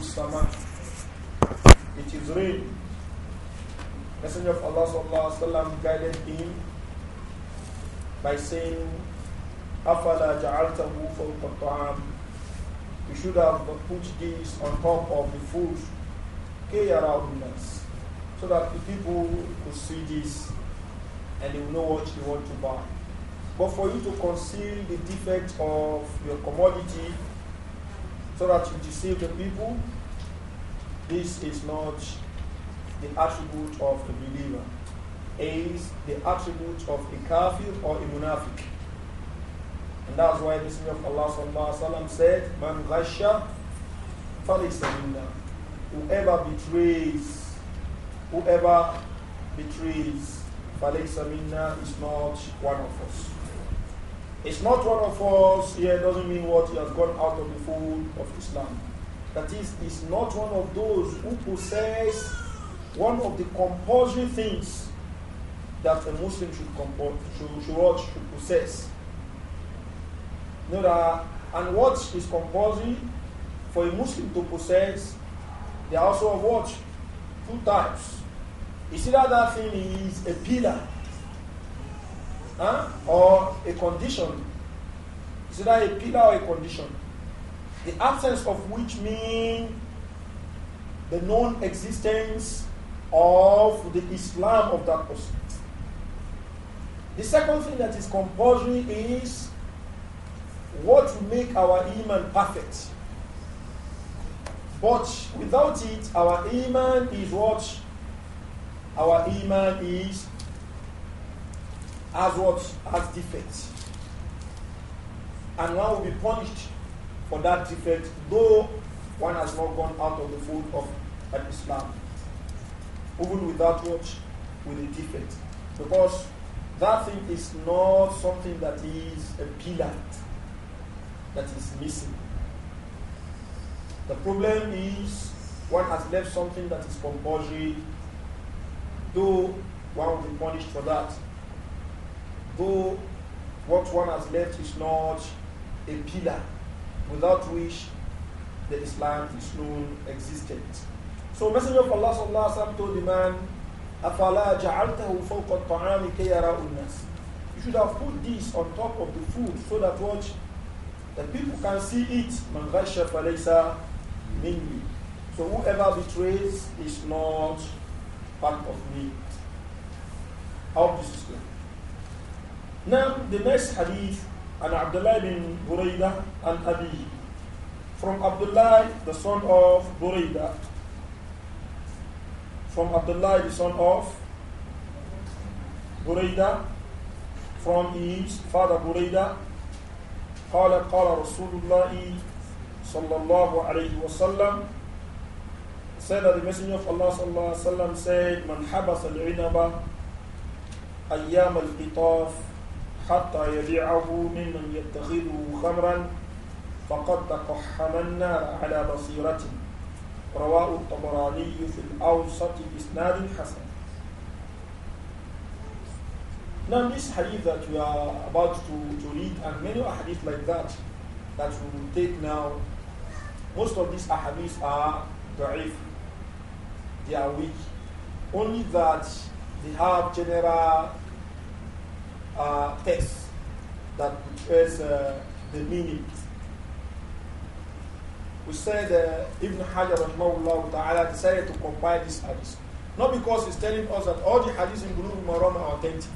السماء it is real. Messenger of Allah sallallahu alaihi wasallam guided him by saying أَفَلَا جَعَلْتَهُ فَوْقَ You should have put this on top of the food كَيَرَاهُ So that the people could see this and they will know what they want to buy. But for you to conceal the defect of your commodity so that you deceive the people. This is not the attribute of a believer. It is the attribute of a kafir or a munafiq. And that's why the Messenger of Allah وسلم, said, Man ghasha Whoever betrays, whoever betrays, falaysa minna is not one of us. It's not one of us here yeah, doesn't mean what he has gone out of the fold of Islam. That is, it's not one of those who possess one of the compulsory things that a Muslim should, compose, should, should, should possess. know, that, and what is compulsory for a Muslim to possess, they also have what? Two types. You see that that thing is a pillar huh? or a condition. It's either a pillar or a condition. The absence of which means the non existence of the Islam of that person. The second thing that is compulsory is what will make our iman perfect. But without it, our iman is what? Our iman is as what? Has defects. And one will be punished for that defect, though one has not gone out of the fold of an Islam. Even without what? With a defect. Because that thing is not something that is a pillar that is missing. The problem is one has left something that is compulsory, though one will be punished for that though what one has left is not a pillar without which the Islam is known existent. So Messenger of Allah sallallahu alaihi wasallam told the man, "Afala ja'altahu fawqa ta'ami nas." You should have put this on top of the food so that what the people can see it. Man ghasha falaysa minni. So whoever betrays is not part of me. I hope this is clear. Now, the next hadith, and Abdullah bin Buraida and Abi. From Abdullah, the son of Buraida. From Abdullah, the son of Buraida. From his father Buraida. قال قال رسول الله صلى الله عليه وسلم said that the messenger of Allah صلى الله عليه وسلم said من حبس العنب أيام القطاف حتى يبيعه ممن يتخذه خمرا فقد تقحم النار على بصيرة رواه الطبراني في الأوسط بإسناد حسن Now this hadith that we are about to, to read and many hadith like that that we will take now, most of these hadiths are da'if. They are weak. Only that they have general uh, text that prepares uh, the meaning. We say that uh, Ibn Hajar Ta'ala decided to compile this hadith. Not because he's telling us that all the hadiths in Bulugh Maram are authentic,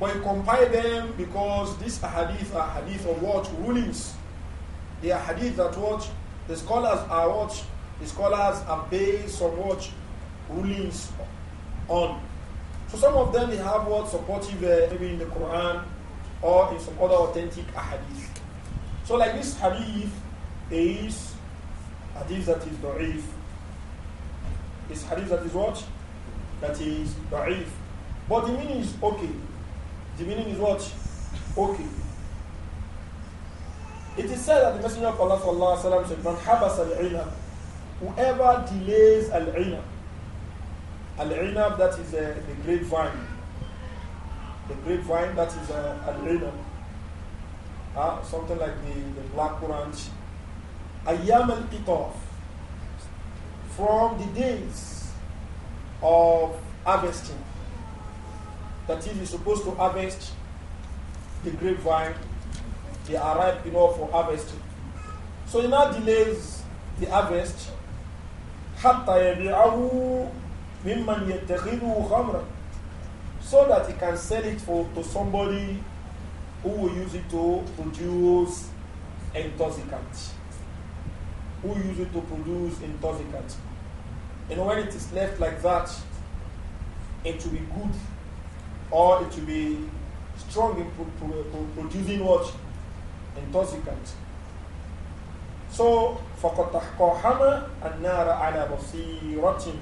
but he compiled them because these hadith are hadith of what? Rulings. They are hadith that what? The scholars are what? The scholars are based on what? Rulings on. So some of them they have what supportive uh, maybe in the Quran or in some other authentic hadith. So like this hadith is hadith that is da'if. It's hadith that is what? That is da'if. But the meaning is okay. The meaning is what? Okay. It is said that the Messenger of Allah said, "Man habas al-ilm, whoever delays al-ilm." Al-Inab, that is uh, the grapevine. The grapevine, that is uh, Al-Inab. Uh, ah, something like the, the black branch. Ayam al pitov From the days of harvesting. That is, you're supposed to harvest the grapevine. They are ripe enough for harvesting. So it now delays the harvest. حتى ممن يتخذه خمرا so that he can sell it for to somebody who will use it to produce intoxicant. Who use it to produce intoxicant. And when it is left like that, it will be good or it will be strong in pro pro pro producing what? Intoxicant. So, فَقَدْ تَحْقَى حَمَى النَّارَ عَلَى بَصِيرَةٍ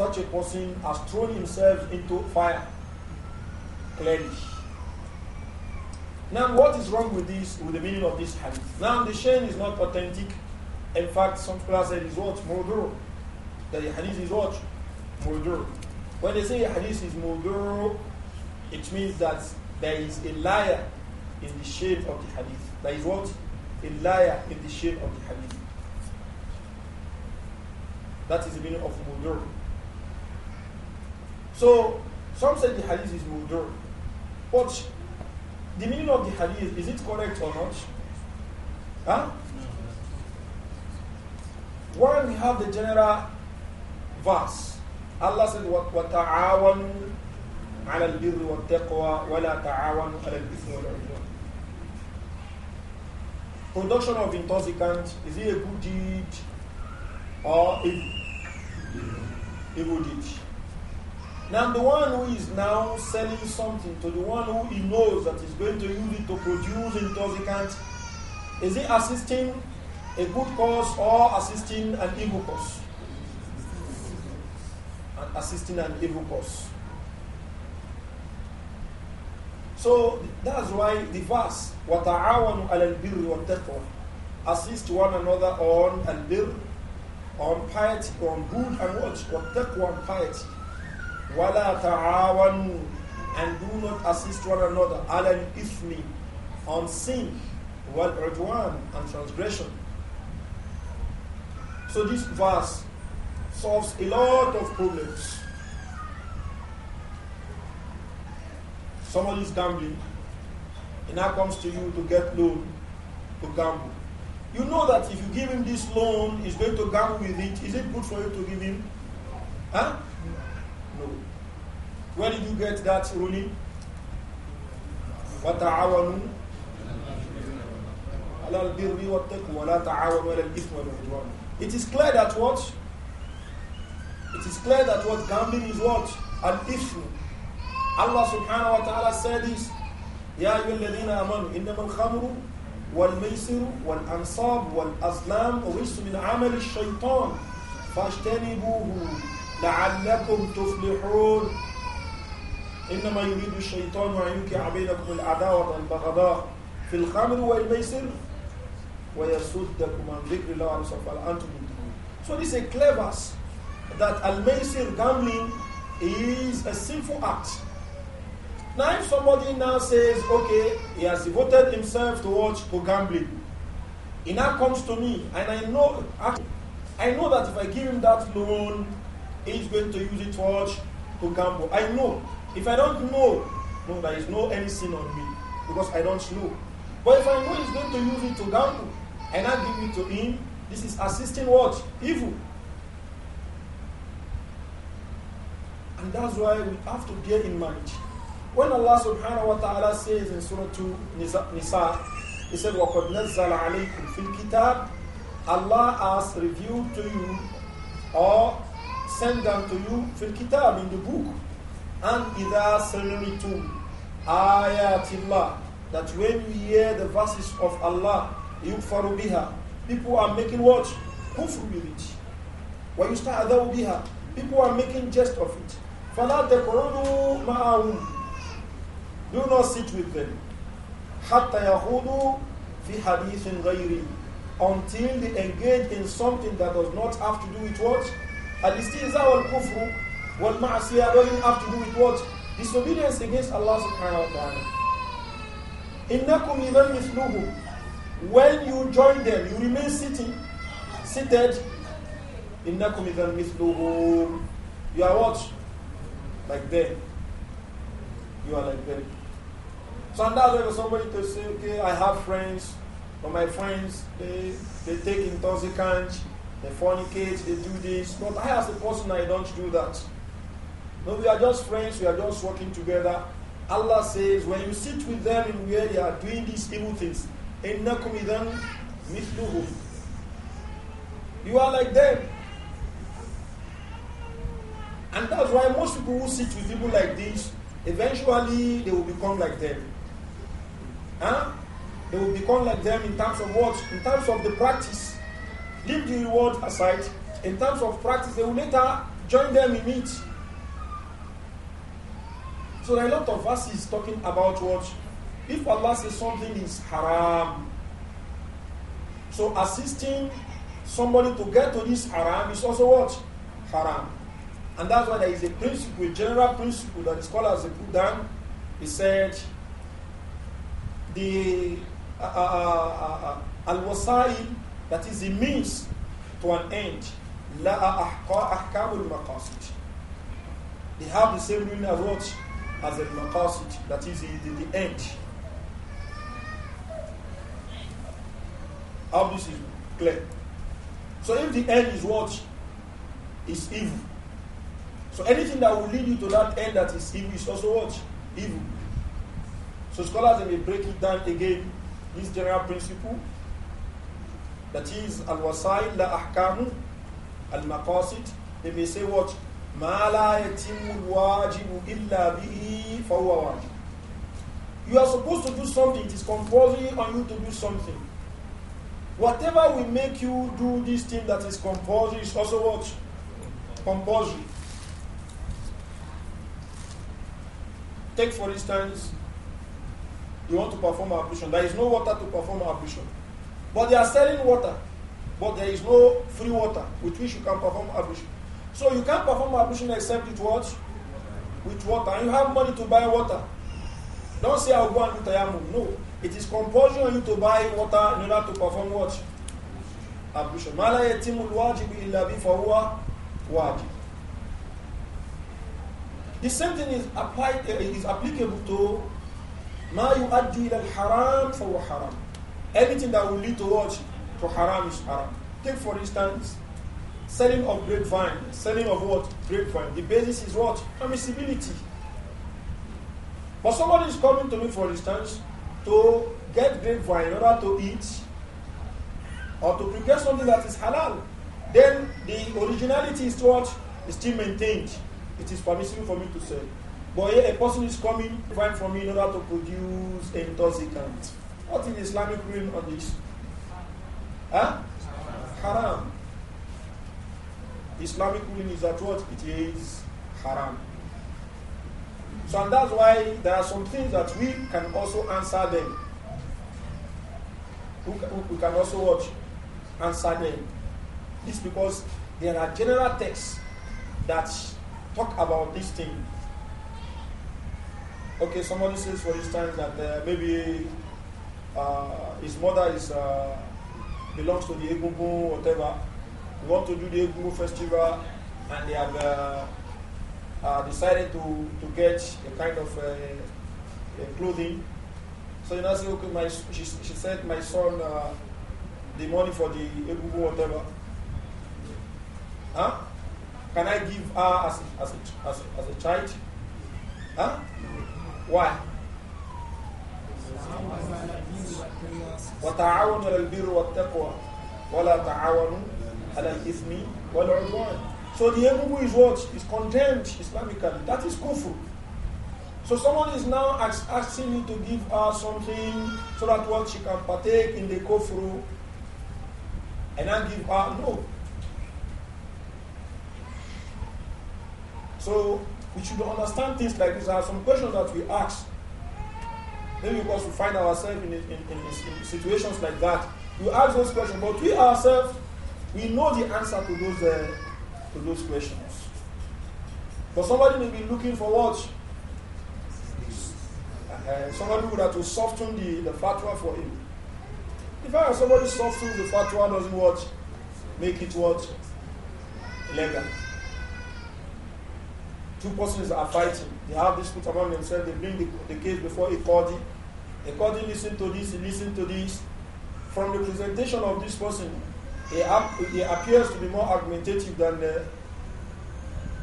such a person has thrown himself into fire. Clearly. Now, what is wrong with this, with the meaning of this hadith? Now, the chain is not authentic. In fact, some scholars say it's what? Murdur. That the hadith is what? Murdur. When they say hadith is murdur, it means that there is a liar in the shape of the hadith. There is what? A liar in the shape of the hadith. That is the meaning of murdur. So some say the hadith is mudur. But the meaning of the hadith, is it correct or not? Huh? When we have the general verse? Allah said, وَتَعَاوَنُوا عَلَى الْبِرِّ وَالتَّقْوَى وَلَا تَعَاوَنُوا عَلَى الْإِثْمِ وَالْعُدْوَانِ Production of intoxicant, is it a good deed or evil? Evil deed. Now, the one who is now selling something to the one who he knows that is going to use it to produce intoxicant, is he assisting a good cause or assisting an evil cause? And assisting an evil cause. So that's why the verse, وَتَعَاوَنُوا عَلَى الْبِرِّ وَالتَّقْوَى Assist one another on al-birr, on piety, on good and what? وَالتَّقْوَى and piety. Wala تَعَاوَنُوا And do not assist one another Alan الْإِثْمِ On sin, وَالْعُدْوَانِ And transgression. So this verse solves a lot of problems. Somebody is gambling. and now comes to you to get loan to gamble. You know that if you give him this loan, he's going to gamble with it. Is it good for you to give him? Huh? No. Where did you get that ruling? وتعاونوا على البر والتقوى ولا تعاونوا على الإثم والعدوان. It is clear that what? It is clear that what gambling is what? An issue. Allah subhanahu wa ta'ala said this. يا أيها الذين آمنوا إنما الخمر والميسر والأنصاب والأزلام ورجس من عمل الشيطان فاجتنبوه لعلكم تفلحون إنما يريد الشيطان أن يوقع بينكم العداوة والبغضاء في الخمر والميسر ويصدكم عن ذكر الله فهل أنتم منتهون So this is a that al-maisir gambling is a sinful act. Now if somebody now says, okay, he has devoted himself towards to gambling, he now comes to me and I know I know that if I give him that loan, he's going to use it for to gamble. I know. If I don't know, no, there is no any sin on me because I don't know. But if I know he's going to use it to gamble and I give it to him, this is assisting what? Evil. And that's why we have to bear in mind. When Allah subhanahu wa ta'ala says in Surah 2 Nisa, Nisa He said, وَقَدْ نَزَّلَ عَلَيْكُمْ فِي الْكِتَابِ Allah has revealed to you or Send them to you fil kitab, in the book. And idha sami'tum ayatillah, that when you hear the verses of Allah, yukfaru biha, people are making what? Kufr with it. Wa yusta'adhaw biha, people are making jest of it. فَلَا تَقْعُدُوا مَعَهُمْ Do not sit with them. Hatta yahudu fi حَدِيثٍ غَيْرِهِ Until they engage in something that does not have to do with what? Al-istihza wal-kufru wal-ma'asiyah doesn't have to do with what? Disobedience against Allah subhanahu wa ta'ala. Innakum idhan mithluhum. When you join them, you remain sitting, seated. Innakum idhan mithluhum. You are what? Like them. You are like them. So when somebody to say, okay, I have friends, but my friends, they, they take intoxicants they fornicate, they do this. But I, as a person, I don't do that. No, we are just friends, we are just working together. Allah says, when you sit with them in where they are doing these evil things, You are like them. And that's why most people who sit with people like this, eventually they will become like them. Huh? They will become like them in terms of what? In terms of the practice leave the reward aside. In terms of practice, they will later join them in it. So there are a lot of verses talking about what if Allah says something is haram. So assisting somebody to get to this haram is also what? Haram. And that's why there is a principle, a general principle that the scholars have put down. He said, the uh, uh, uh, uh, uh al-wasail that is the means to an end. La They have the same meaning as what? As the maqasid. That is the, the, the end. How this is clear. So if the end is what? Is evil. So anything that will lead you to that end that is evil is also what? Evil. So scholars may break it down again, this general principle, that is al-wasail la ahkamu al-maqasid. They may say what? Ma la yatimu al-wajibu illa bihi fahuwa wajib. You are supposed to do something. It is compulsory on you to do something. Whatever will make you do this thing that is compulsory is also what? Compulsory. Take for instance, you want to perform ablution. There is no water to perform ablution. But they are selling water, but there is no free water with which you can perform ablution. So you can't perform ablution except with what? With water. And you have money to buy water. Don't say I'll go and do tayammum. No. It is compulsory on you to buy water in order to perform what? Ablution. The same thing is applied uh, is applicable to ما يؤدي إلى الحرام فهو haram. Anything that will lead to what? To haram is haram. Take for instance, selling of grapevine. Selling of what? Grapevine. The basis is what? Permissibility. But somebody is coming to me, for instance, to get grapevine in order to eat or to prepare something that is halal. Then the originality is what? Is still maintained. It is permissible for me to sell. But here a person is coming, buying from me in order to produce intoxicants. What is Islamic ruling on this? Huh? Haram. Islamic ruling is that what? It is haram. So and that's why there are some things that we can also answer them. We, can also watch, answer them. It's because there are general texts that talk about this thing. Okay, somebody says, for instance, that uh, maybe uh, his mother is uh, belongs to the Egungun, whatever. We want to do the Egungun festival, and they have uh, uh decided to, to get a kind of uh, a clothing. So you know, say, okay, my, she, she sent my son the money for the Egungun, whatever. Huh? Can I give her as, as, a, as, a, as a child? Huh? Why? وتعاونوا على البر والتقوى ولا تعاونوا على الإثم والعدوان So the Ebubu is what? Is condemned Islamically. That is kufr. So someone is now asking me to give her something so that what she can partake in the kufr and I give her. No. So we should understand things like this. There are some questions that we ask Maybe because we find ourselves in, in, in, in situations like that. We ask those questions, but we ourselves, we know the answer to those, uh, to those questions. But somebody may be looking for what? Uh, somebody would have to soften the, the fatwa for him. If I have somebody softens the fatwa, doesn't what? Make it what? Legal. Two persons are fighting. They have dispute among themselves. They bring the, the case before a court. A listen to this, Listen to this. From the presentation of this person, he, ap he appears to be more argumentative than the,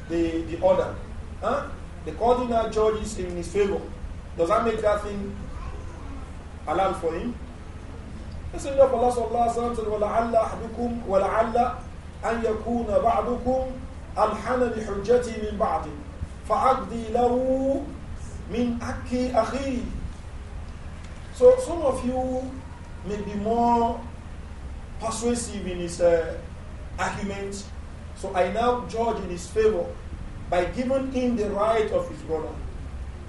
the, the other. Huh? The Qadi now judges in his favor. Does that make that thing halal for him? Messenger of Allah sallallahu alayhi wa sallam said, وَلَعَلَّ أَحْدُكُمْ وَلَعَلَّ أَنْ يَكُونَ بَعْضُكُمْ أَلْحَنَ لِحُجَّتِي مِنْ بَعْضٍ فَأَقْضِي لَهُ مِنْ أَكِّ أَخِيهِ so some of you may be more persuasive in his uh, argument. So I now judge in his favor by giving him the right of his brother.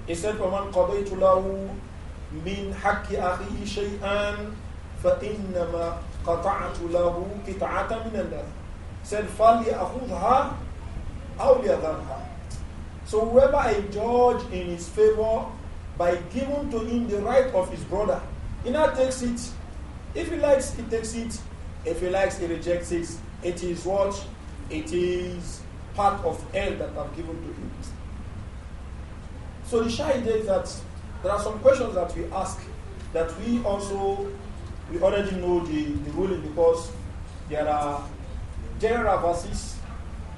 He said, وَمَنْ قَضَيْتُ لَهُ مِنْ حَقِّ أَخِيهِ شَيْئًا فَإِنَّمَا قَطَعْتُ لَهُ قِطَعَةً مِنَ النَّارِ said, فَلْيَأْخُذْهَا أَوْ So whoever I judge in his favor by giving to him the right of his brother. He now takes it. If he likes, he takes it. If he likes, he rejects it. It is what? It is part of hell that I've given to him. So the shy idea is that there are some questions that we ask that we also we already know the, the ruling because there are general verses,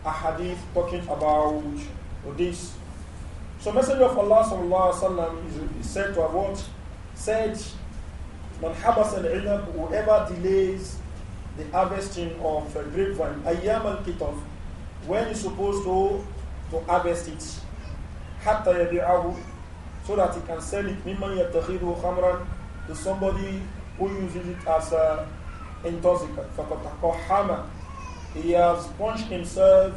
a hadith talking about this so Messenger of Allah sallallahu alaihi wasallam is, said to have what? Said, Man hamas al inab, whoever delays the harvesting of a grapevine, ayyam al kitof, when he's supposed to, to harvest it, hatta yabi'ahu, so that he can sell it, mimman yattakhidu khamran, to somebody who uses it as a intoxicant. فَقَدْ He has plunged himself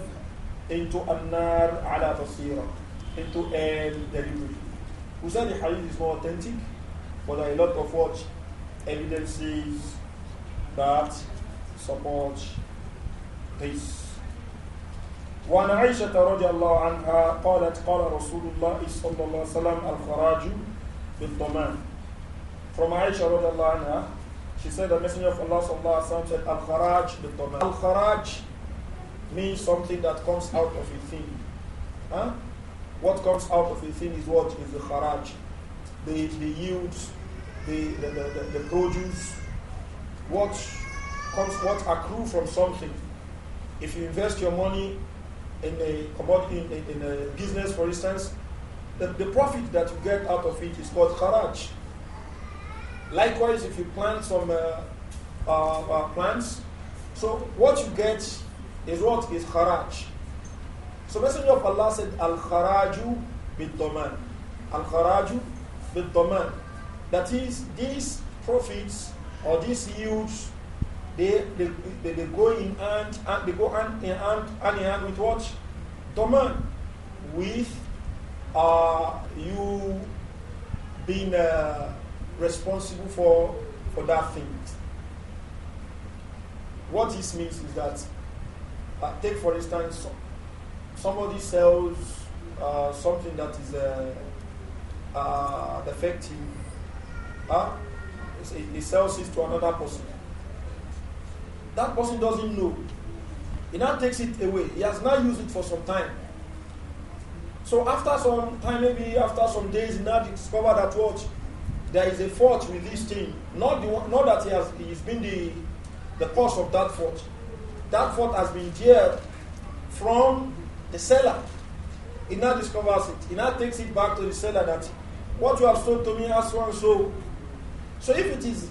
into an-nar ala basirah end-to-end delivery. We said the hadith is more authentic, but there are a lot of what evidences that support this. وعن عائشة رضي الله عنها قالت قال رسول الله صلى الله عليه وسلم الخراج بالضمان From Aisha رضي الله عنها she said the messenger of Allah صلى الله عليه وسلم said الخراج بالضمان الخراج means something that comes out of a thing huh? What comes out of a thing is what is the haraj, the, the yields, the, the, the, the produce, what comes, what accrue from something. If you invest your money in a commodity, in, in a business, for instance, the, the profit that you get out of it is called haraj. Likewise, if you plant some uh, uh, uh, plants, so what you get is what is haraj. So Messenger of Allah said, Al-Kharaju bid-Daman. Al-Kharaju bid-Daman. That is, these prophets or these youths, they, they, they, they go in hand, and they go hand in hand, hand in hand with what? Daman. With uh, you being uh, responsible for, for that thing. What this means is that, uh, take for instance, somebody sells uh, something that is uh, uh, defective, huh? he sells it to another person. That person doesn't know. He now takes it away. He has not used it for some time. So after some time, maybe after some days, he now discovers that what there is a fault with this thing. Not the one, not that he has he's been the the cause of that fault. That fault has been there from the seller. He now discovers it. He now takes it back to the seller that what you have sold to me has one so. So if it is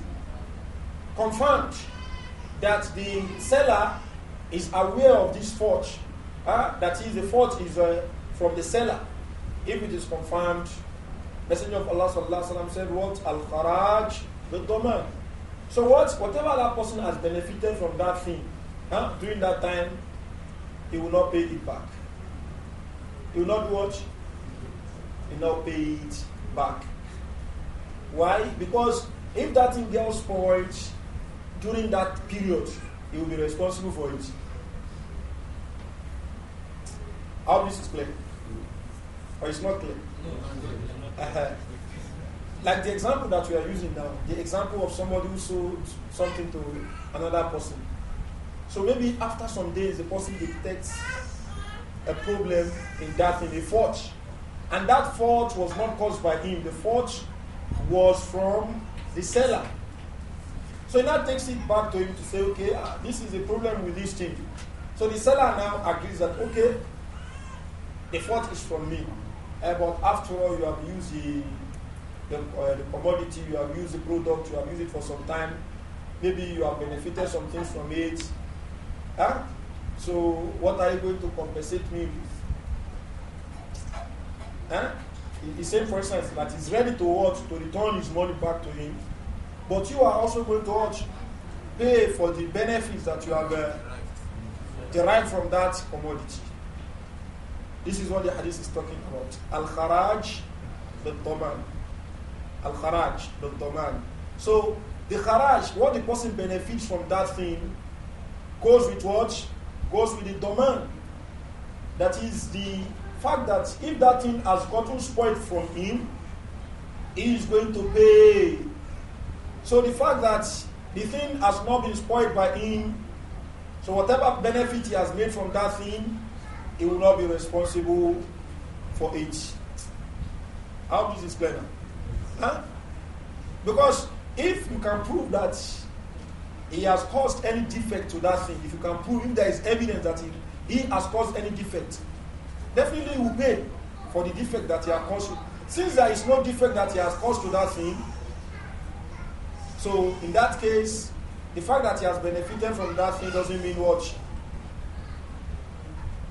confirmed that the seller is aware of this forge, uh, that is the forge is uh, from the seller, if it is confirmed, Messenger of Allah said, "What al Faraj, the domain." So what whatever that person has benefited from that thing during that time, he will not pay it back you will not watch. you will not pay it back. Why? Because if that thing gets spoiled during that period, he will be responsible for it. How this is clear? Or it's not clear? Uh-huh. like the example that we are using now, the example of somebody who sold something to another person. So maybe after some days, the person detects a problem in that in a fault. And that fault was not caused by him, the fault was from the seller. So he now takes it back to him to say, okay, uh, this is a problem with this thing. So the seller now agrees that, okay, the fault is from me. Uh, but after all, you have used the, the, uh, the commodity, you have used the product, you have used it for some time. Maybe you have benefited some things from it. Huh? So what are you going to compensate me with? Huh? He's saying, for instance, that he's ready to watch To return his money back to him. But you are also going to watch Pay for the benefits that you have uh, derived from that commodity. This is what the hadith is talking about. Al-Kharaj the Toman. Al-Kharaj the Toman. So the Kharaj, what the person benefits from that thing, goes with what? goes with the domain. That is the fact that if that thing has gotten spoiled from him, he is going to pay. So the fact that the thing has not been spoiled by him, so whatever benefit he has made from that thing, he will not be responsible for it. How this is clear now? Huh? Because if you can prove that he has caused any defect to that thing, if you can prove, if there is evidence that he, he has caused any defect, definitely he will pay for the defect that he has caused. Since there is no defect that he has caused to that thing, so in that case, the fact that he has benefited from that thing doesn't mean what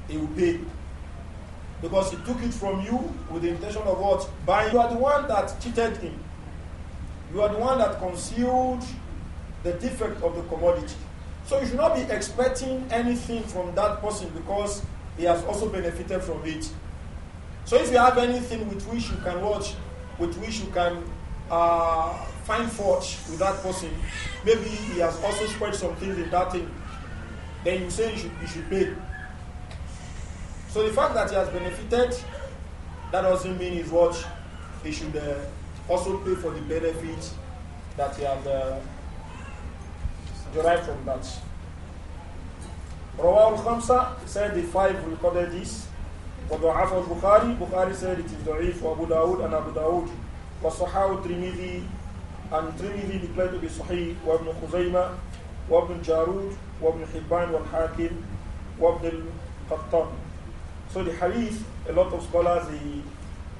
he will pay. Because he took it from you with the intention of what? Buying. You are the one that cheated him. You are the one that concealed the defect of the commodity. So you should not be expecting anything from that person because he has also benefited from it. So if you have anything with which you can watch, with which you can uh, find fault with that person, maybe he has also spread some things in that thing, then you say you should, you should pay. So the fact that he has benefited, that doesn't mean he's what he should uh, also pay for the benefit that he has. Uh, derived from that. Rawah al-Khamsa said the five recorded this. For وضعف البخاري Bukhari Bukhari said it is ضعيف Abu داود and Abu Dawud وصححه الترمذي and Tirmidhi declared to be sahih وابن خزيمة وابن جارود وابن حبان والحاكم al القطان So the hadith, a lot of scholars they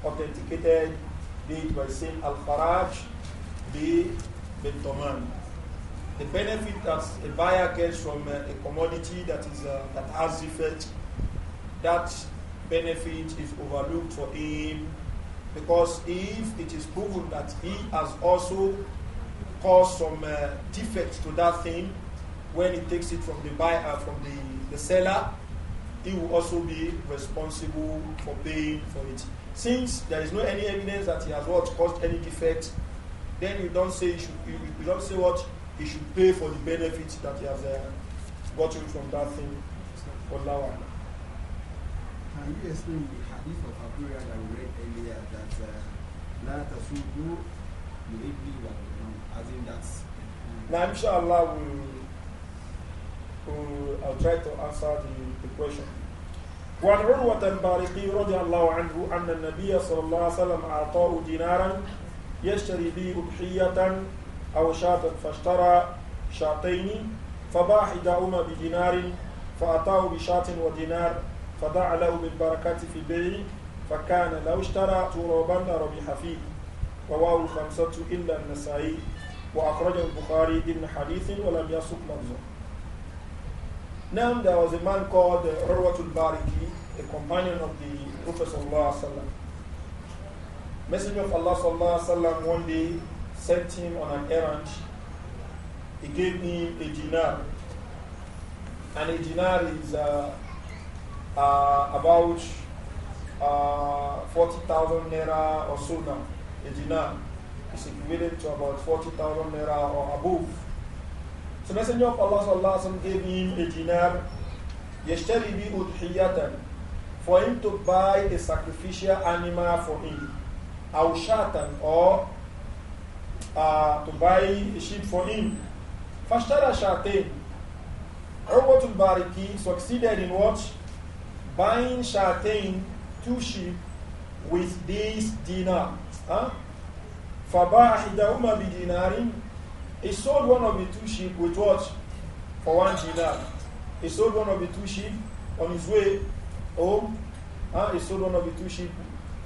authenticated it by saying Al-Faraj bi Bintoman the benefit that a buyer gets from a, uh, a commodity that is uh, that has defect, that benefit is overlooked for him because if it is proven that he has also caused some uh, defect to that thing when he takes it from the buyer uh, from the, the seller he will also be responsible for paying for it since there is no any evidence that he has what caused any defect then you don't say you, should, you, you don't say what he should pay for the benefits that he has uh, gotten from that thing. Wallahu alam. Can you explain the hadith of Abu that we read earlier that uh, La Tasudu Mu'ibli wa as in that? Now, inshallah, we'll, we'll, I'll try to answer the, the question. وعن عروة البارقي رضي الله عنه أن النبي صلى الله عليه وسلم أعطاه دينارا يشتري به أضحية أو شاة فاشترى شاطين فباع إحداهما بدينار فأعطاه بشاط ودينار فدعا له بالبركة في البيع فكان لو اشترى ترابا لربح فيه رواه الخمسة إلا النسائي وأخرجه البخاري ضمن حديث ولم يسق لفظه Now there was a man called Urwatul Bariki, a companion of the Prophet Sallallahu Alaihi Wasallam. Messenger of Allah Sallallahu Alaihi Wasallam one day sent him on an errand. He gave him a dinar. And a dinar is uh, uh, about uh, 40,000 naira or so now. A dinar is equivalent to about 40,000 naira or above. So Messenger of Allah sallallahu gave him a dinar, yashtari udhiyatan, for him to buy a sacrificial animal for him, Aushatan or uh, to buy a sheep for him. فَاشْتَرَى شَاتَيْنِ Urwatul Bariki succeeded in what? Buying shatain, two sheep, with this dinar. Huh? فَبَاعَهِدَهُمَا بِدِينَارٍ He sold one of the two sheep with what? For one dinar. He sold one of the two sheep on his way home. Huh? He sold one of the two sheep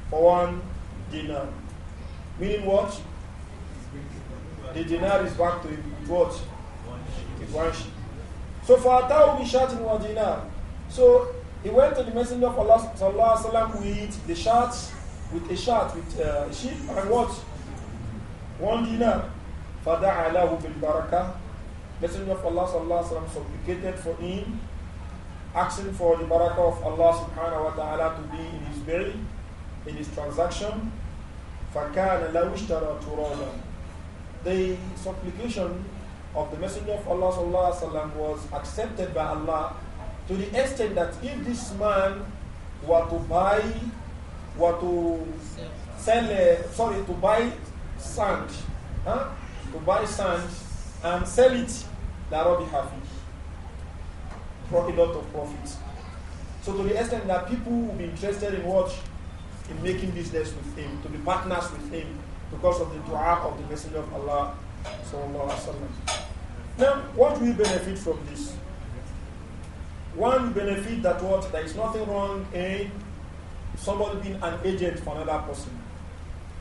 for one dinar. Meaning what? The dinar is back to him with what? With one sheep. So for we shot in one dinar. So he went to the Messenger of Allah sallallahu alaihi wasallam with the shot, with a shot, with uh, sheep and what? One dinar. Fada'a lahu bil barakah. Messenger of Allah sallallahu alaihi wasallam supplicated for him, asking for the barakah of Allah subhanahu wa ta'ala to be in his belly, in his transaction. فَكَانَ لَوْ اشْتَرَى تُرَابًا the supplication of the Messenger of Allah وسلم, was accepted by Allah to the extent that if this man were to buy, were to sell, uh, sorry, to buy sand, huh? to buy sand and sell it, that will be happy. For a lot of profit. So to the extent that people will be interested in what? In making business with him, to be partners with him because of the dua of the Messenger of Allah. Now, what we benefit from this? One benefit that what there is nothing wrong in somebody being an agent for another person.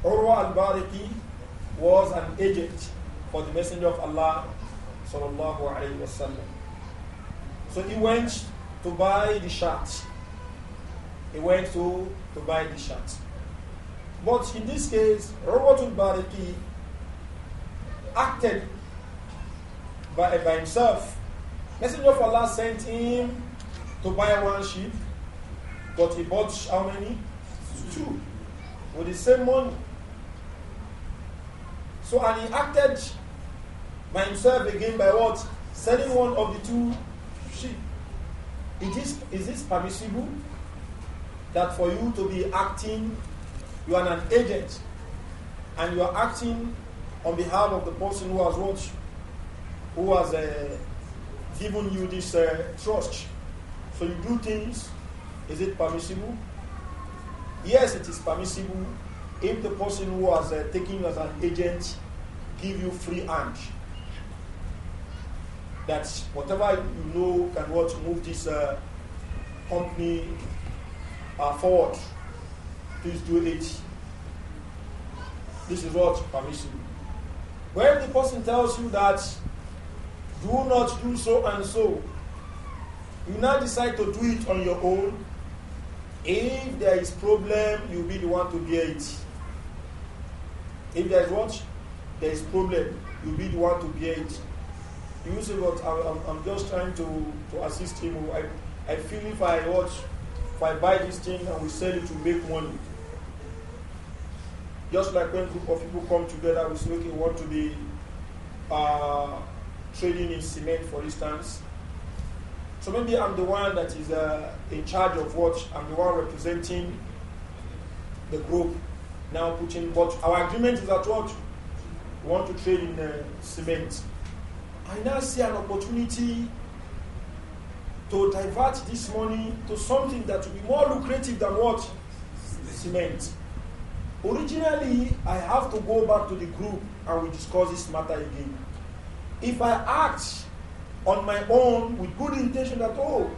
Urwa al-Bariki was an agent for the Messenger of Allah sallallahu alaihi wasallam. So he went to buy the shirt. He went to, to buy the shirt. But in this case, Rawatul Bariki acted by, by himself. Messenger of Allah sent him to buy one sheep, but he bought how many? Two. With the same money. So, and he acted by himself again by what? Selling one of the two sheep. this is this permissible that for you to be acting you are an agent and you are acting on behalf of the person who has what, who has uh, given you this uh, trust. So you do things. Is it permissible? Yes, it is permissible if the person who has uh, taken you as an agent give you free hand. That whatever you know can what move this uh, company uh, forward please do it. This is what permission. When the person tells you that do not do so and so, you now decide to do it on your own. If there is problem, you'll be the one to bear it. If there is what? There is problem, you'll be the one to bear it. You say, what I'm, I'm, just trying to, to assist him. I, I feel if I watch, if I buy this thing and we sell it to make money, just like when group of people come together, we say, okay, want to be uh, trading in cement, for instance. So maybe I'm the one that is uh, in charge of what I'm the one representing the group. Now putting what our agreement is that what we want to trade in uh, cement. I now see an opportunity to divert this money to something that will be more lucrative than what cement. Originally, I have to go back to the group and we discuss this matter again. If I act on my own with good intention that, oh,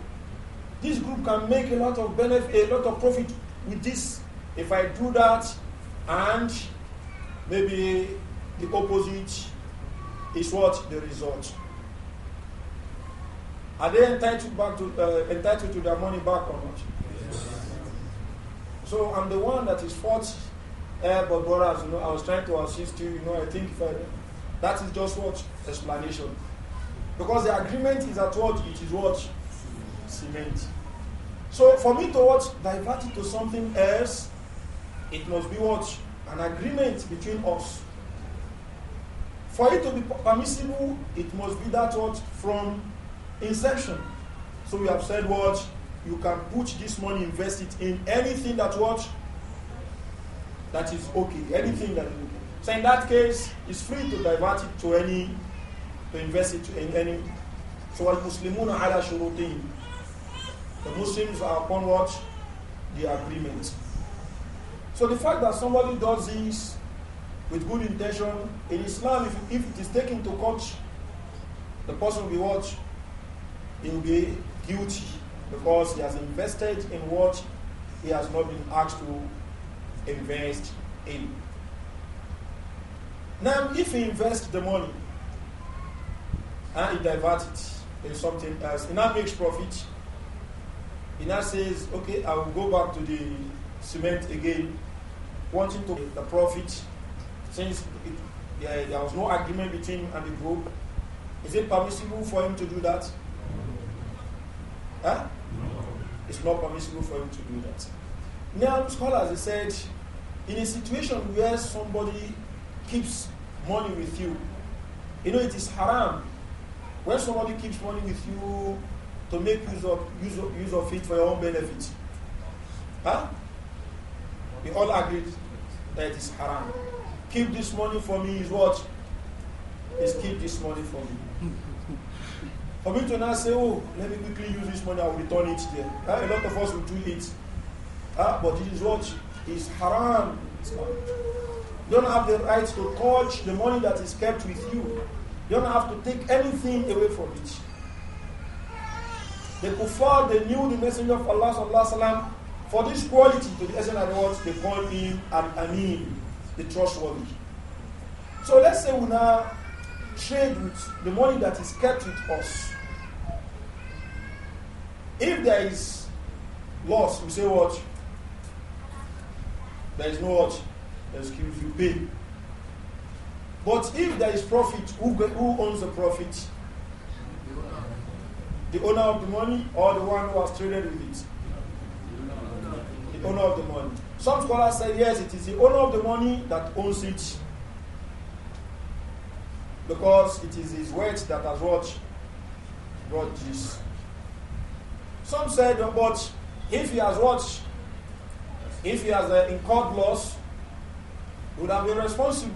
this group can make a lot of benefit, a lot of profit with this, if I do that and maybe the opposite is what the result. Are they entitled back to uh, entitled to their money back or not? Yes. So I'm the one that is forced but brothers, you know, I was trying to assist you, you know, I think I, that is just what explanation. Because the agreement is at what? It is what? Cement. So for me to what? Divert it to something else, it must be what? An agreement between us. For it to be permissible, it must be that what? From inception. So we have said what? You can put this money, invest it in anything that what? that is okay. Anything that is can. So in that case, it's free to divert it to any, to invest it in any. So al Muslimun ala shurutin. The Muslims are upon what? The agreement. So the fact that somebody does this with good intention in Islam, if, if it is taken to court, the person will be what? He will be guilty because he has invested in what he has not been asked to invest in. Now, if he invests the money and ah, he diverts it in something else, he now makes profit. He now says, okay, I will go back to the cement again, wanting to the profit since it, there, there was no agreement between him and the group. Is it permissible for him to do that? Huh? It's not permissible for him to do that. Now, scholars he said in a situation where somebody keeps money with you, you know it is haram. When somebody keeps money with you to make use of use of, use of it for your own benefit, huh? We all agreed that it is haram. Keep this money for me is what? Is keep this money for me. For me to now say, oh, let me quickly use this money, I will return it there. Huh? A lot of us will do it. Huh? But it is what is haram. You don't have the right to touch the money that is kept with you. You don't have to take anything away from it. The kuffar, they knew the messenger of Allah sallam, for this quality to the essence of words, they call him Al-Amin, the trustworthy. So let's say we now trade with the money that is kept with us. If there is loss, we say what? There is no what? Excuse you pay. But if there is profit, who, who owns the profit? The owner of the money or the one who has traded with it? The owner of the money. Some scholars say yes, it is the owner of the money that owns it. Because it is his wealth that has watched. brought this. Some said, but if he has watched if he has uh, incurred loss, would have been responsible.